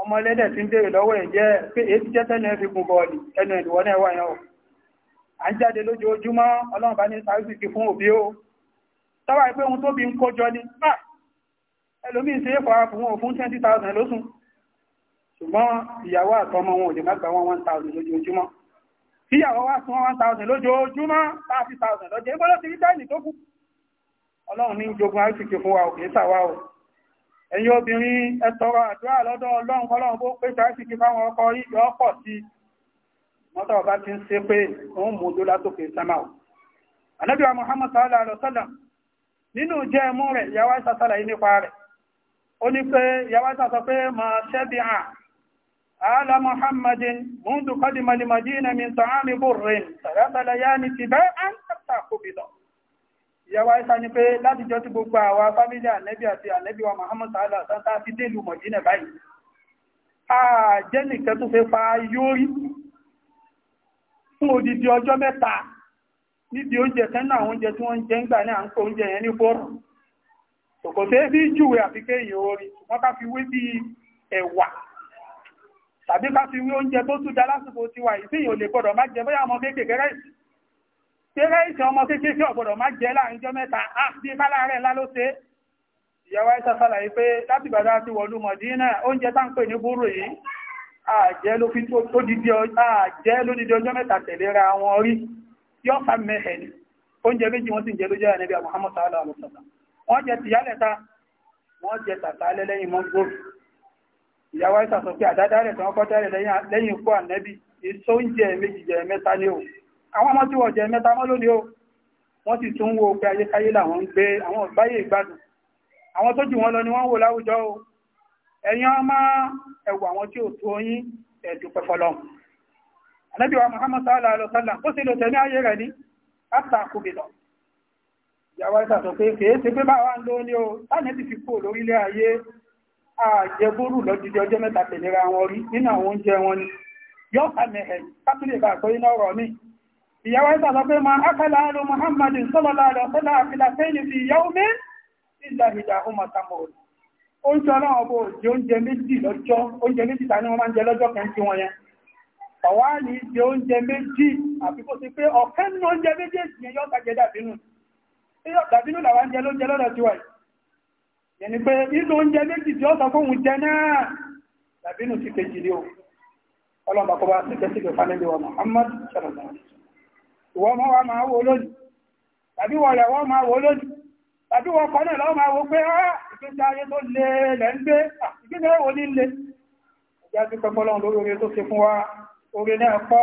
ọmọ ẹlẹ́dẹ̀ tí ń bèèrè lọ́wọ́ ẹ̀ jẹ́ pé èsì jẹ́ tẹ́lẹ̀ ẹ̀ fi gùn bọ́ọ̀lì ẹnu ìlúwọ́ náà wà yẹn o à ń jáde lójoojúmọ́ ọlọ́run bá ní sáyẹ́sì ti fún òbí o tọ́wà pé ohun tó bí ń kójọ ni bá ẹlòmíín ṣe é fara fún òfún twenty thousand lóṣùn ṣùgbọ́n ìyàwó àtọmọ wọn ò lè má gba wọn one thousand lójoojúmọ́ tí ìyàwó wá fún one thousand lójoojúmọ́ thirty thousand lọ́jọ́ ìbọ́lọ́ ti rí dáìní tó kù ọlọ́run ní jogun àìsìkì fún wa ò kìí sàwá o ẹ̀yin obìnrin ẹ tọrọ àdúrà lọ́dọ̀ ọlọ́run kọ́lọ́run bó pé tàí sì kí fáwọn ọkọ yíyọ pọ̀ sí mọ́tọ̀ ọba ti ń ṣe pé òun mú ojú látòkè samáwò anábíwá Muhammad sallallahu alaihi wasallam nínú jẹ́ ẹmú rẹ̀ ìyàwó ìsàsàlà yìí nípa rẹ̀ ó ní pé ìyàwó ìsàsọ pé ma ṣẹ́bi à ààlà Muhammadin mundu qadima al-Madina min ta'ami burrin tàbátàlá yá ni ìyàwó àìsà ni pé látijọ́ tí gbogbo àwa fámílì ànẹ́bí àti ànẹ́bí wa Muhammad sallá sáńtà fi délù mọ̀jínà báyìí ààjẹ́ nìkan tó fẹ́ fa yórí fún odidi ọjọ́ mẹ́ta níbi oúnjẹ tẹ́nà àwọn oúnjẹ tí wọ́n ń jẹ ń gbà ní à ń kó oúnjẹ yẹn ní bọ́ọ̀rù kò tẹ́ bí júwe àfi pé orí wọ́n ká fi wé bí ẹ̀wà tàbí ká fi wé oúnjẹ tó tún da lásìkò tiwa yìí ò lè gbọ́dọ̀ má jẹ bóyá ọmọ kéékèèké rẹ̀ sí tẹ́rẹ́ ìṣẹ́ ọmọ kékeré ọ̀gbọ̀dọ̀ má jẹ́ láàrin jọ mẹ́ta á ah, bí kálárẹ̀ lálóṣe ìyàwó ẹ̀ṣà sàlàyé pé láti bàdá ti wọ̀lú mọ̀dínà oúnjẹ tá ń pè ní búrò yìí àjẹ́ ló fi tó dídí àjẹ́ lódídí ọjọ́ mẹ́ta tẹ̀lé ra wọn rí yọ́ fa mẹ́hẹ̀ ni oúnjẹ méjì wọ́n sì ń jẹ lójọ́ ẹ̀ níbi Muhammad sallallahu alaihi wasallam wọ́n jẹ tìyálẹ̀ta wọ́n jẹ tàtà lẹ́lẹ́yìn mọ́ngòrò ìyàwó ẹ̀ṣà sọ pé àdádálẹ̀ tí wọ́n kọ́ dálẹ̀ lẹ́yìn ikú ànẹ́bí èso oúnjẹ àwọn ọmọ tí wọ́n jẹ mẹ́ta mọ́ lónìí o wọ́n sì tún wo pé ayékáyé làwọn ń gbé àwọn ìgbáyé ìgbádùn àwọn tó jù wọ́n lọ ni wọ́n wò láwùjọ o ẹ̀yin ọmọ ẹ̀wọ̀ àwọn tí ò tó yín ẹ̀dùn pẹ̀fọ́lọ́ Ànábì wa Muhammad sallallahu alaihi wasallam ó sì lò tẹ̀lé ayé ní ìyàwó ẹ̀sà sọ pé máa ákàlà àrò Muhammad sọ́lọ́lá rẹ̀ sọ́lá àfilà fẹ́ni fi yàwó mẹ́ ìlà ìjà ọmọ tamọ̀ oúnjẹ ọlọ́run ọbọ̀ òjì oúnjẹ méjì lọ́jọ́ oúnjẹ méjì tàní wọ́n máa ń jẹ lọ́jọ́ ní jẹ oúnjẹ méjì sí pé ọ̀kẹ́ nínú oúnjẹ Muhammad sallallahu ìwọ́n mọ́ wa máa wo lónìí tàbí wọ́n rẹ̀ wọ́n máa wo lónìí tàbí wọ́n kọ́ náà lọ́wọ́ máa wo pé á ah, ìgbésí ayé tó lè lẹ́ ń gbé ah, ìgbésí ayé wo ní lè ẹjá sí pẹ́ fọ́lọ́run lórí oore tó ṣe fún wa oore náà pọ̀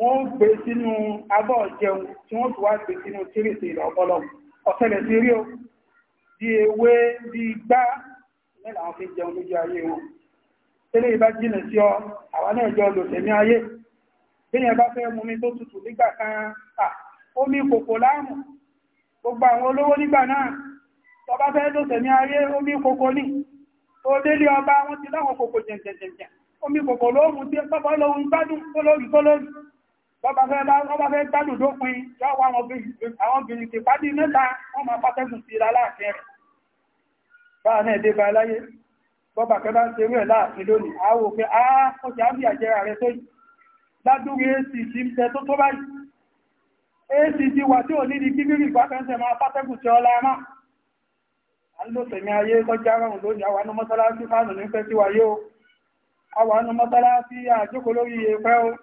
wọ́n ń gbé sínú abọ́ jẹun tí wọ́n tó wá gbé sínú tírìsì ilẹ̀ ọpọlọ ọ̀sẹ̀lẹ̀ sí rí o bí ewé bí gbá mẹ́lá àwọn fi jẹun lójú ayé wọn tẹ́lẹ̀ ìbá jìnà sí ọ àwọn náà jọ lò tẹ̀mí ayé bí ni ẹ bá fẹ́ mú mi tó tutù nígbà kan à omi kòkò láàmù gbogbo àwọn olówó nígbà náà tó bá fẹ́ tó tẹ̀mí ayé omi kòkò ní tó délé ọba wọn ti láwọn kòkò jẹ̀jẹ̀jẹ̀jẹ̀ omi kòkò lóòmù tí ẹ bọ́bá fẹ́ gbádùn dópin yọ́ wá àwọn obìnrin ti pàdé mẹ́ta wọ́n máa pátẹ́gùn sí ra láàfin rẹ̀ bá náà dé bá láyé bọ́bá kẹ́ bá ń ṣe rẹ̀ láàfin lónìí àwò pé a ó ti ábí àjẹrà rẹ̀ tó yìí ládúrí èsì ti ń tẹ tó tó báyìí èsì ti wà tí ò ní di kíbírì ìgbàfẹ́ǹsẹ̀ máa pátẹ́gùn tí ọlá máa a ń lòtẹ̀mí ayé kọjá rọrùn lónìí àwọn anú mọ́sálásí fáànù ní fẹ́ sí wáyé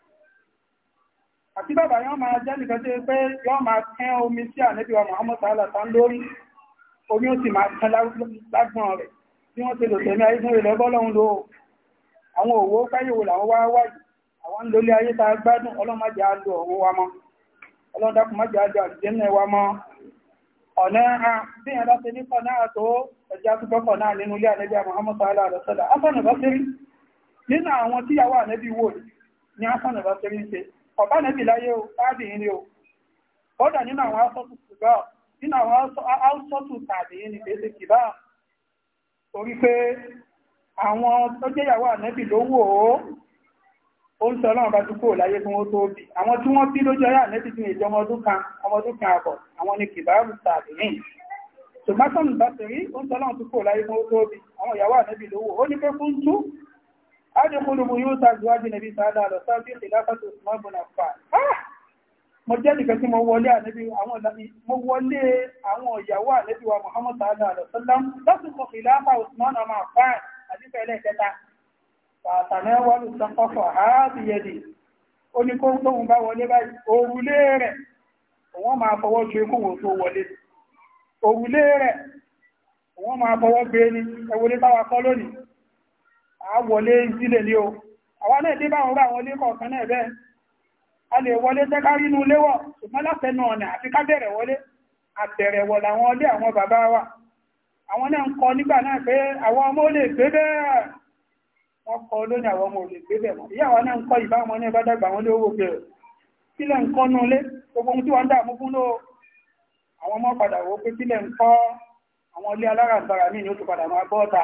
àti bàbá yọ́ máa jẹ́ nìkan tí pé yọ́ máa kẹ́ omi sí ànẹ́bí wa Muhammad sallah tán lórí omi ó sì máa kẹ́ lágbọ́n rẹ̀ bí wọ́n ti lò tẹ̀mí ayé fún ilẹ̀ bọ́lọ́run lò àwọn òwò káyèwò làwọn wá wáyé àwọn lólé ayé ta gbádùn ọlọ́mọdé ni ọ̀wọ́ wa mọ́ ọlọ́dàkùnmọ́dé àjọ àjẹ́nà wa mọ́ ọ̀nà ẹ̀hàn Muhammad sallah àlọ́sọ́lá afọ́nà bá ti rí nínú àwọn tíyàwó ànẹ́bí wò ní ṣe ọ̀bá nẹ́bì láyé o tábìyìn ni o kódà nínú àwọn asọ́tù kìbá nínú àwọn asọ́tù tàbìyìn ni pèsè kìbá orí pé àwọn tó jẹ́yàwó ànẹ́bì ló wò ó ó ń sọ bá tún kúrò láyé fún ó tó bì àwọn tí wọ́n bí lójú ayé ànẹ́bì tún èdè ọmọ kan ọmọ adìkúlù bu yóò tàzíwájú nàbí sàádà lọ sáàbí ìlàfàtò Usman bin Affan ah! mo jẹ́ nìkan tí mo wọlé àwọn ìyàwó ànẹ́bí wa Muhammad sàádà lọ sọ́lá lọ́sùnkọ̀ ìlàfà Usman ọmọ Affan àdífà ẹlẹ́ẹ̀kẹta pàtàmẹ́wàlù sọ́kọ̀fọ̀ àábìyẹ̀dì máa fọwọ́ ju ikú wò tó wọlé rẹ̀ máa fọwọ́ gbé ní kọ́ lónìí àwọlé sílẹ̀ ní o àwọn náà dé báwọn rà wọlé kọ̀ọ̀kan náà bẹ́ẹ̀ a lè wọlé tẹ́kárí inú léwọ̀ ṣùgbọ́n látẹnu ọ̀nà àfi ká bẹ̀rẹ̀ wọlé àbẹ̀rẹ̀ wọ̀ làwọn ọlé àwọn bàbá wa àwọn náà ń kọ nígbà náà pé àwọn ọmọ olè gbé bẹ́ẹ̀ wọ́n kọ lónìí àwọn ọmọ olè gbé bẹ́ẹ̀ ìyá wa náà ń kọ ìbá wọn ní ìbádàgbà wọn lówó bẹ̀rẹ̀ sílẹ̀ ń kọ́ nulẹ̀ gbogbo ohun tí wọ́n dààmú fún lóò àwọn ọmọ padà wò pé sílẹ̀ ń kọ́ àwọn ilé alára àgbàrá míì ní ó ti padà máa bọ́ ọ̀ta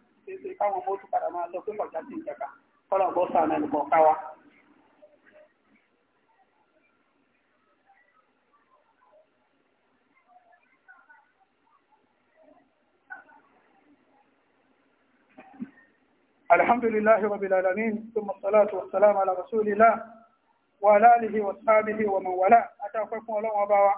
ṣe káwọn ọmọ padà máa lọ pé kọjá sí ìjàkà kọ́lọ̀ bọ́ sàánà ẹnìkan káwa. الحمد لله رب العالمين ثم الصلاة والسلام على رسول الله وعلى آله وصحبه ومن والاه أتى الله وبارك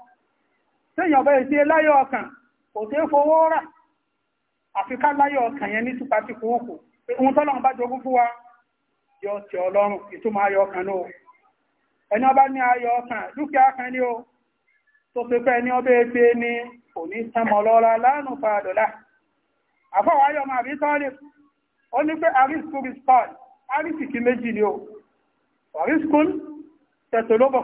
téèyàn bẹ́ẹ̀ sí láyọ̀ ọkàn kò tí ó fowó rà àfi ká láyọ̀ ọkàn yẹn ní túpa ti kú òkú ohun tọ́lọ́run bá jogún fún wa yọ ti ọlọ́run ìtumọ̀ ayọ̀ ọkàn náà ẹni ọba ní ayọ̀ ọkàn dúkìá kan ní o tó fi pẹ́ ní ọbẹ̀ ẹgbẹ́ ní kò ní lọ́la lánàá àfọwọ́ ayọ̀ ó ní pé méjì ni o tẹ̀tọ̀lọ́bọ̀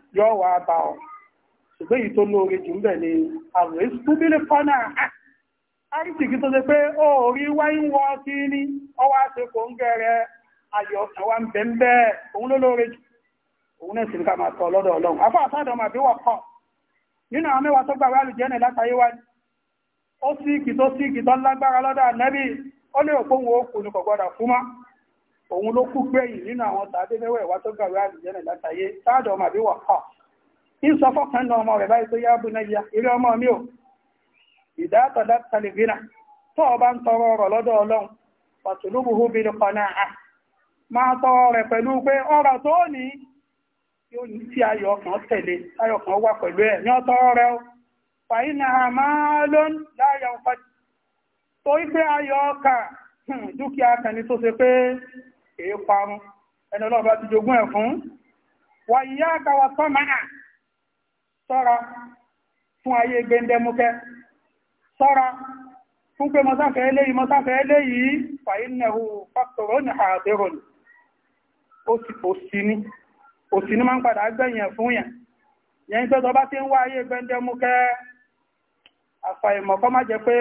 yóò wá bá ọ ṣùgbọ́n èyí tó lóore jù ń bẹ̀ ni àwọn èsì fọ́nà àríṣìkí tó ṣe pé ó rí wáyé wọ sí ní ọwọ́ àti ń gẹ̀rẹ́ ayọ̀ ọ̀sán wa ń bẹ̀ ń bẹ́ òun ló lóore jù òun náà sì ní ká máa tọ́ lọ́dọ̀ ọlọ́run afọ́ àtàdọ̀ màbí wọ̀ kọ́ nínú àwọn mẹ́wàá tó látàyé wá òun ló kú gbẹ̀yìn nínú àwọn tàbí mẹ́wẹ̀ tó gàwé àlùjẹ́nà látàyé sáàdọ̀ ọmọ àbí wà pa ń sọ fọ́kàn náà ọmọ rẹ̀ báyìí pé yá bùnà ya eré ọmọ mi ọba ń tọrọ ọrọ̀ lọ́dọ̀ ọlọ́run pàtùlùbùhù bí à máa rẹ̀ pẹ̀lú pé ọrọ̀ tó ní tí ayọ̀ kan tẹ̀lé ayọ̀ kan wà pẹ̀lú ẹ̀ ní rẹ̀ o fàyínà máa lón láyọ̀ pàtó torí pé ayọ̀ ọkà hmm, dúkìá kan ní kìí parun ẹni ọlọ́run bá ti jogún ẹ̀ fún wà ìyá àgbàwà sọ́màá sọ́ra fún ayé gbẹ́ndẹ́múkẹ́ sọ́ra fún pé mọ́sáfẹ́ eléyìí mọ́sáfẹ́ eléyìí fàínẹ̀hù fàtọ̀rọ̀ ní àdéròn òsìní máa ń padà gbẹ̀yìn fún yẹn yẹn tó tọba tí ń wá ayé má pé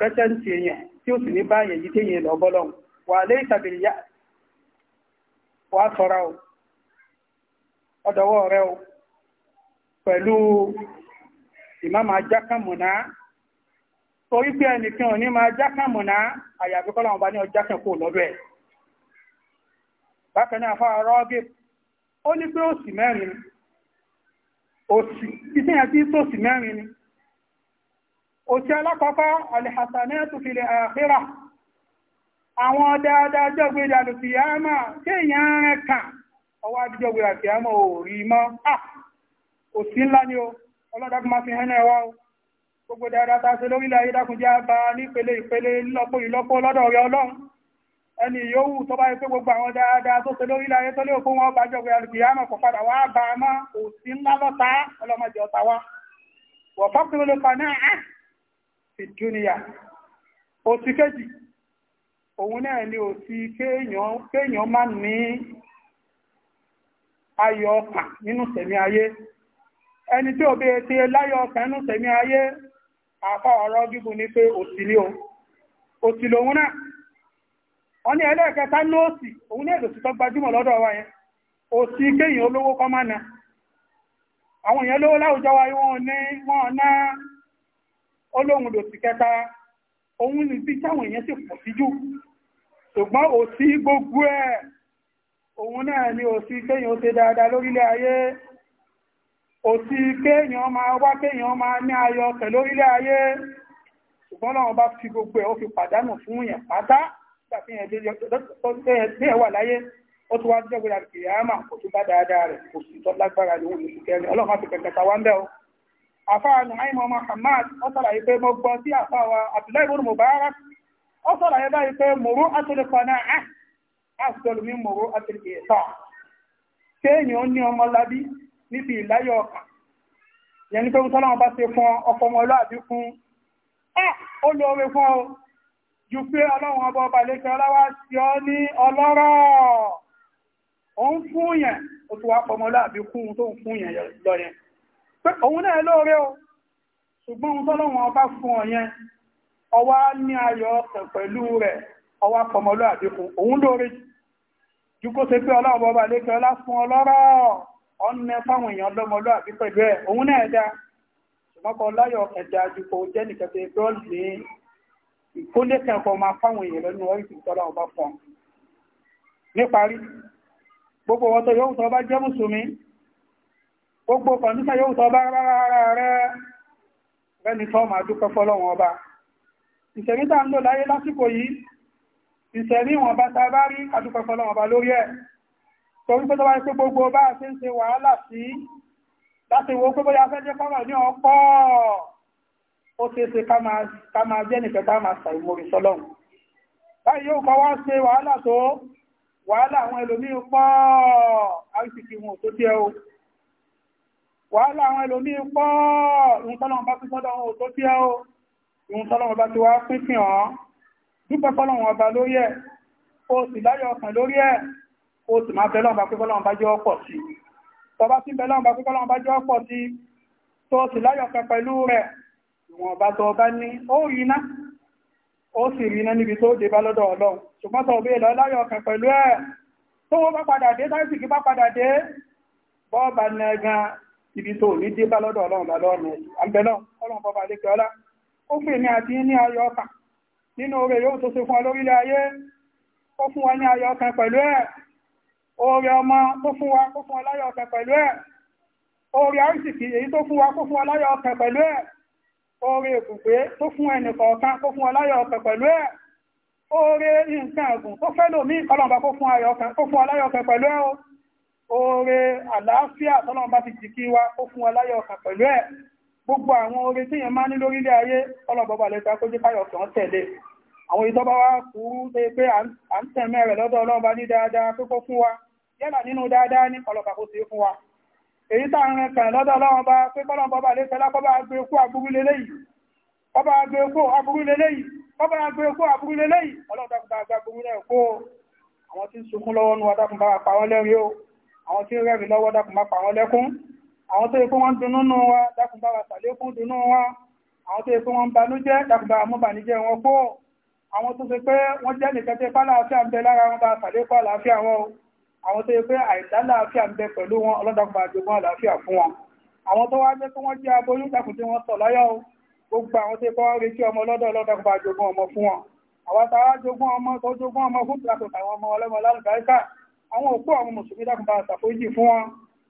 èèyàn tí sì ní báyẹ̀ yìí lọ walaysa bil ya's wà sọ́ra o ọdọ̀wọ́ rẹ o pẹ̀lú ìmáma jákàmùná torí pé ẹnìkan ò ní máa jákàmùná àyàfi kọ́lọ̀ ọba ní ọjákàn kò lọ́dọ̀ ẹ̀ bákan náà fáwọn rọ́ọ̀gì ó ní pé òsì mẹ́rin òsì iṣẹ́ yẹn tí sòsì mẹ́rin ni òsì alákọ̀ọ́kọ́ alìhàsànẹ́tù fil àkhírà àwọn dáadáa jọ́gbé dàdù kìyàmà tí èyàn rẹ̀ kàn ọwá àdíjọ́gbé dàdù kìyàmà ò mọ́ kò sí ńlá ni o ọlọ́dàkùn máa fi hẹ́nà ẹwà o gbogbo dáadáa ta lórílẹ̀ ayé dákun jẹ́ ìpele lọ́pọ̀ ìlọ́pọ̀ lọ́dọ̀ ọlọ́run ẹni tó bá yẹ gbogbo àwọn dáadáa tó ṣe lórílẹ̀ ayé tó léèkó wọn bá kò padà wá bá a mọ́ kò sí ńlá lọ́ta wa wọ̀fọ́kùnrin náà kejì òun náà ni ò sí kéèyàn má ní ayọ̀ ọkàn nínú sẹ̀mí ayé ẹni tí ò bí etí láyọ̀ ọkàn nínú sẹ̀mí ayé àpá ọ̀rọ̀ gígùn ní pé òsì ní náà wọ́n ní ẹlẹ́ẹ̀kẹta nóòsì òun náà lòsì tó gbajúmọ̀ lọ́dọ̀ wa yẹn kéèyàn olówó kọ́ máa na àwọn èèyàn lówó láwùjọ wa wọ́n ní wọ́n ná olóhun òun ni bí táwọn èèyàn sì pọ̀ síjú ṣùgbọ́n ò sí gbogbo ẹ̀ òun náà ni ò sí kéèyàn ó ṣe dáadáa lórílẹ̀ ayé ò sí kéèyàn máa wá kéèyàn máa ní ayọ̀ ọ̀tẹ̀ lórílẹ̀ ayé ṣùgbọ́n láwọn bá fi gbogbo ẹ̀ ó fi pàdánù fún yẹn pátá ṣàfihàn ẹ̀dẹ́yẹ̀ wà láyé ó tún wá jẹ́ gbọ́dọ̀ kìí àmà kò tún bá dáadáa rẹ̀ kò sì tọ́ lágbára ní òun ìṣúkẹ́rin ọlọ́run á fi kẹ̀kẹ́ ta wá ń bẹ́ o àfáà Nu'aym Muhammad ó sàlàyé pé mo gbọ́ sí àfáà Abdullahi ibn Mubarak ó sàlàyé báyìí pé mòró àtòlùkọ́nà ẹ̀ àtòlù mi mòró àtòlùkọ́ ìtọ́ kéèyàn ó ní ọmọ lábí níbi ìláyọ̀ ọkàn yẹn ni pé wọ́n tọ́lọ́wọ́n bá ṣe fún ọkọ̀ ọmọ ọlọ́àbí fún ẹ̀ ó pé òun náà lóore o ṣùgbọ́n ohun tọ́lọ́wọ́n ọba fún ọ yẹn ọwá ní ayọ̀ ọ̀sẹ̀ pẹ̀lú rẹ̀ ọwá pọmọlú àdínkù òun lóore ju kó ṣe pé ọlọ́run ọba lẹ́kẹ́ ọlá fún ọlọ́rọ̀ ọ̀nà fáwọn èèyàn lọ́mọlú àbí pẹ̀lú ẹ̀ òun náà dá ṣùgbọ́n kọ láyọ̀ ẹ̀dá ju kò jẹ́ nìkan pé pé gbogbo kọ̀níṣà yóò tọ́ bá rárá rẹ̀ rẹ́ni tọ́ máa dúpẹ́ fọ́lọ́wọ́n ọba ìṣẹ̀rí tàà ń lò láyé lásìkò yìí ìṣẹ̀rí wọn bá ta bá rí àdúpẹ́ fọ́lọ́wọ́n ọba lórí ẹ̀ torí pé tọ́wọ́ pé gbogbo bá ṣe ń ṣe wàhálà sí láti wo pé bóyá fẹ́ jẹ́ kọ́rọ̀ ní ọ̀pọ̀ ó ṣe ṣe ká máa jẹ́ nìkan ká máa ṣàì mórí sọ́lọ́run báyìí yóò kọ́ wá ṣe wàhálà tó wàhálà àwọn ẹlòmíín pọ̀ àríṣìkì wọn ò tó díẹ̀ o wàhálà àwọn ẹlòmí pọ́ ìhun tọ́lọ́wọ́n bá pín sọ́dọ̀ ohun tó tí ẹ́ o ìhun tọ́lọ́wọ́n bá ti wá pín fi hàn dúpẹ́ fọ́lọ́wọ́n ọba lórí ẹ̀ o sì láyọ̀ ọkàn lórí ẹ̀ o sì máa bẹ́lọ́wọ́n bá pín fọ́lọ́wọ́n bá jẹ́ ọ̀pọ̀ sí tọba tí bẹ́lọ́wọ́n bá pín fọ́lọ́wọ́n bá jẹ́ ọ̀pọ̀ sí tó sì láyọ̀ ọkàn pẹ̀lú rẹ̀ ìwọ̀n ọba tó ọba ní ó ríná ó sì ríná níbi tó dé bá lọ́dọ̀ ọlọ́run ṣùgbọ́n tó bẹ́ẹ̀ lọ láyọ̀ ọkàn pẹ̀lú ẹ̀ tó wọ́n bá padà dé táìsì kí bá padà dé bọ́ọ̀bà nẹ̀gan ibi tó ní dé bá lọ́dọ̀ ọlọ́run bá lọ́rùn àbẹ̀lọ́ ọlọ́run bọ́ba lè kẹ́ọ́lá ó fè ní àti ní ayọ̀ ọkàn nínú oore yóò tó ṣe fún ọ lórílẹ̀ ayé ó fún wa ní ayọ̀ ọkàn pẹ̀lú ẹ̀ oore ọmọ tó fún wa kó fún wa láyọ̀ ọkàn pẹ̀lú ẹ̀ oore àrísìkì èyí tó fún wa kó fún wa láyọ̀ ọkàn pẹ̀lú ẹ̀ oore òkùnkùn tó fún ẹnì kọ̀ọ̀kan kó fún wa láyọ̀ ọkàn pẹ̀lú ẹ̀ oore nǹkan ẹ̀gùn tó fẹ́ lòmí ọlọ́run kó fún wa láyọ̀ pẹ̀lú ẹ̀ o oore àlàáfíà fi bá ti jìkí wa ó fún wa láyọ̀ ọkàn pẹ̀lú ẹ̀ gbogbo àwọn oore tí èèyàn máa ní lórílẹ̀ ayé ọlọ́bọ̀bà lẹ́ta kó Awọn káyọ̀ tẹ̀lé àwọn wa kúrú pé pé à ń tẹ̀mẹ́ rẹ̀ lọ́dọ̀ ọlọ́ba ní dáadáa pé fún wa yálà nínú dáadáa ní ọlọ́ba kó ṣe fún wa èyí tá ń rìn lọ́dọ̀ ọlọ́run pé àwọn tí ó rẹ̀ mí lọ́wọ́ dákun má pa wọ́n lẹ́kún àwọn tó yẹ kó wọ́n dunú nù wa dákun bá wa ṣàlékún dunú wa àwọn tó yẹ kó wọ́n banújẹ́ dákun bá wa mú bànújẹ́ wọn kó àwọn tó ṣe pé wọ́n jẹ́ nìkan tẹ́ fá láàáfíà ń bẹ lára wọn bá ṣàlékún àlàáfíà wọn o àwọn tó yẹ pé àìdá láàáfíà ń bẹ pẹ̀lú wọn ọlọ́dàkùn bá jogún àlàáfíà fún wọn àwọn tó wá jẹ́ pé wọ́n jẹ́ aboyún dákun tí wọ́n sọ láyọ̀ o gbogbo àwọn tó yẹ pé wọ́n retí ọmọ lọ́dọ̀ ọlọ́dàkùn bá jogún ọmọ fún wọn àwọn táwa jogún ọmọ tó jogún ọmọ fún ìlàkùn àwọn ọmọ ọlọ́mọ lálùbáríkà àwọn òpó àwọn mùsùlùmí dákun bá ṣàforíjì fún wọn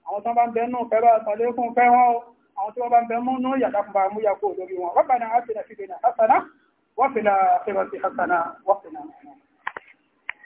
àwọn tó bá ń bẹ nù fẹ́ bá ṣàlékún fẹ́ wọn o àwọn tó bá ń bẹ mú nù yà dákun bá múyà kó lórí wọn rabbana atina fid dunya hasana wa fil akhirati hasana wa qina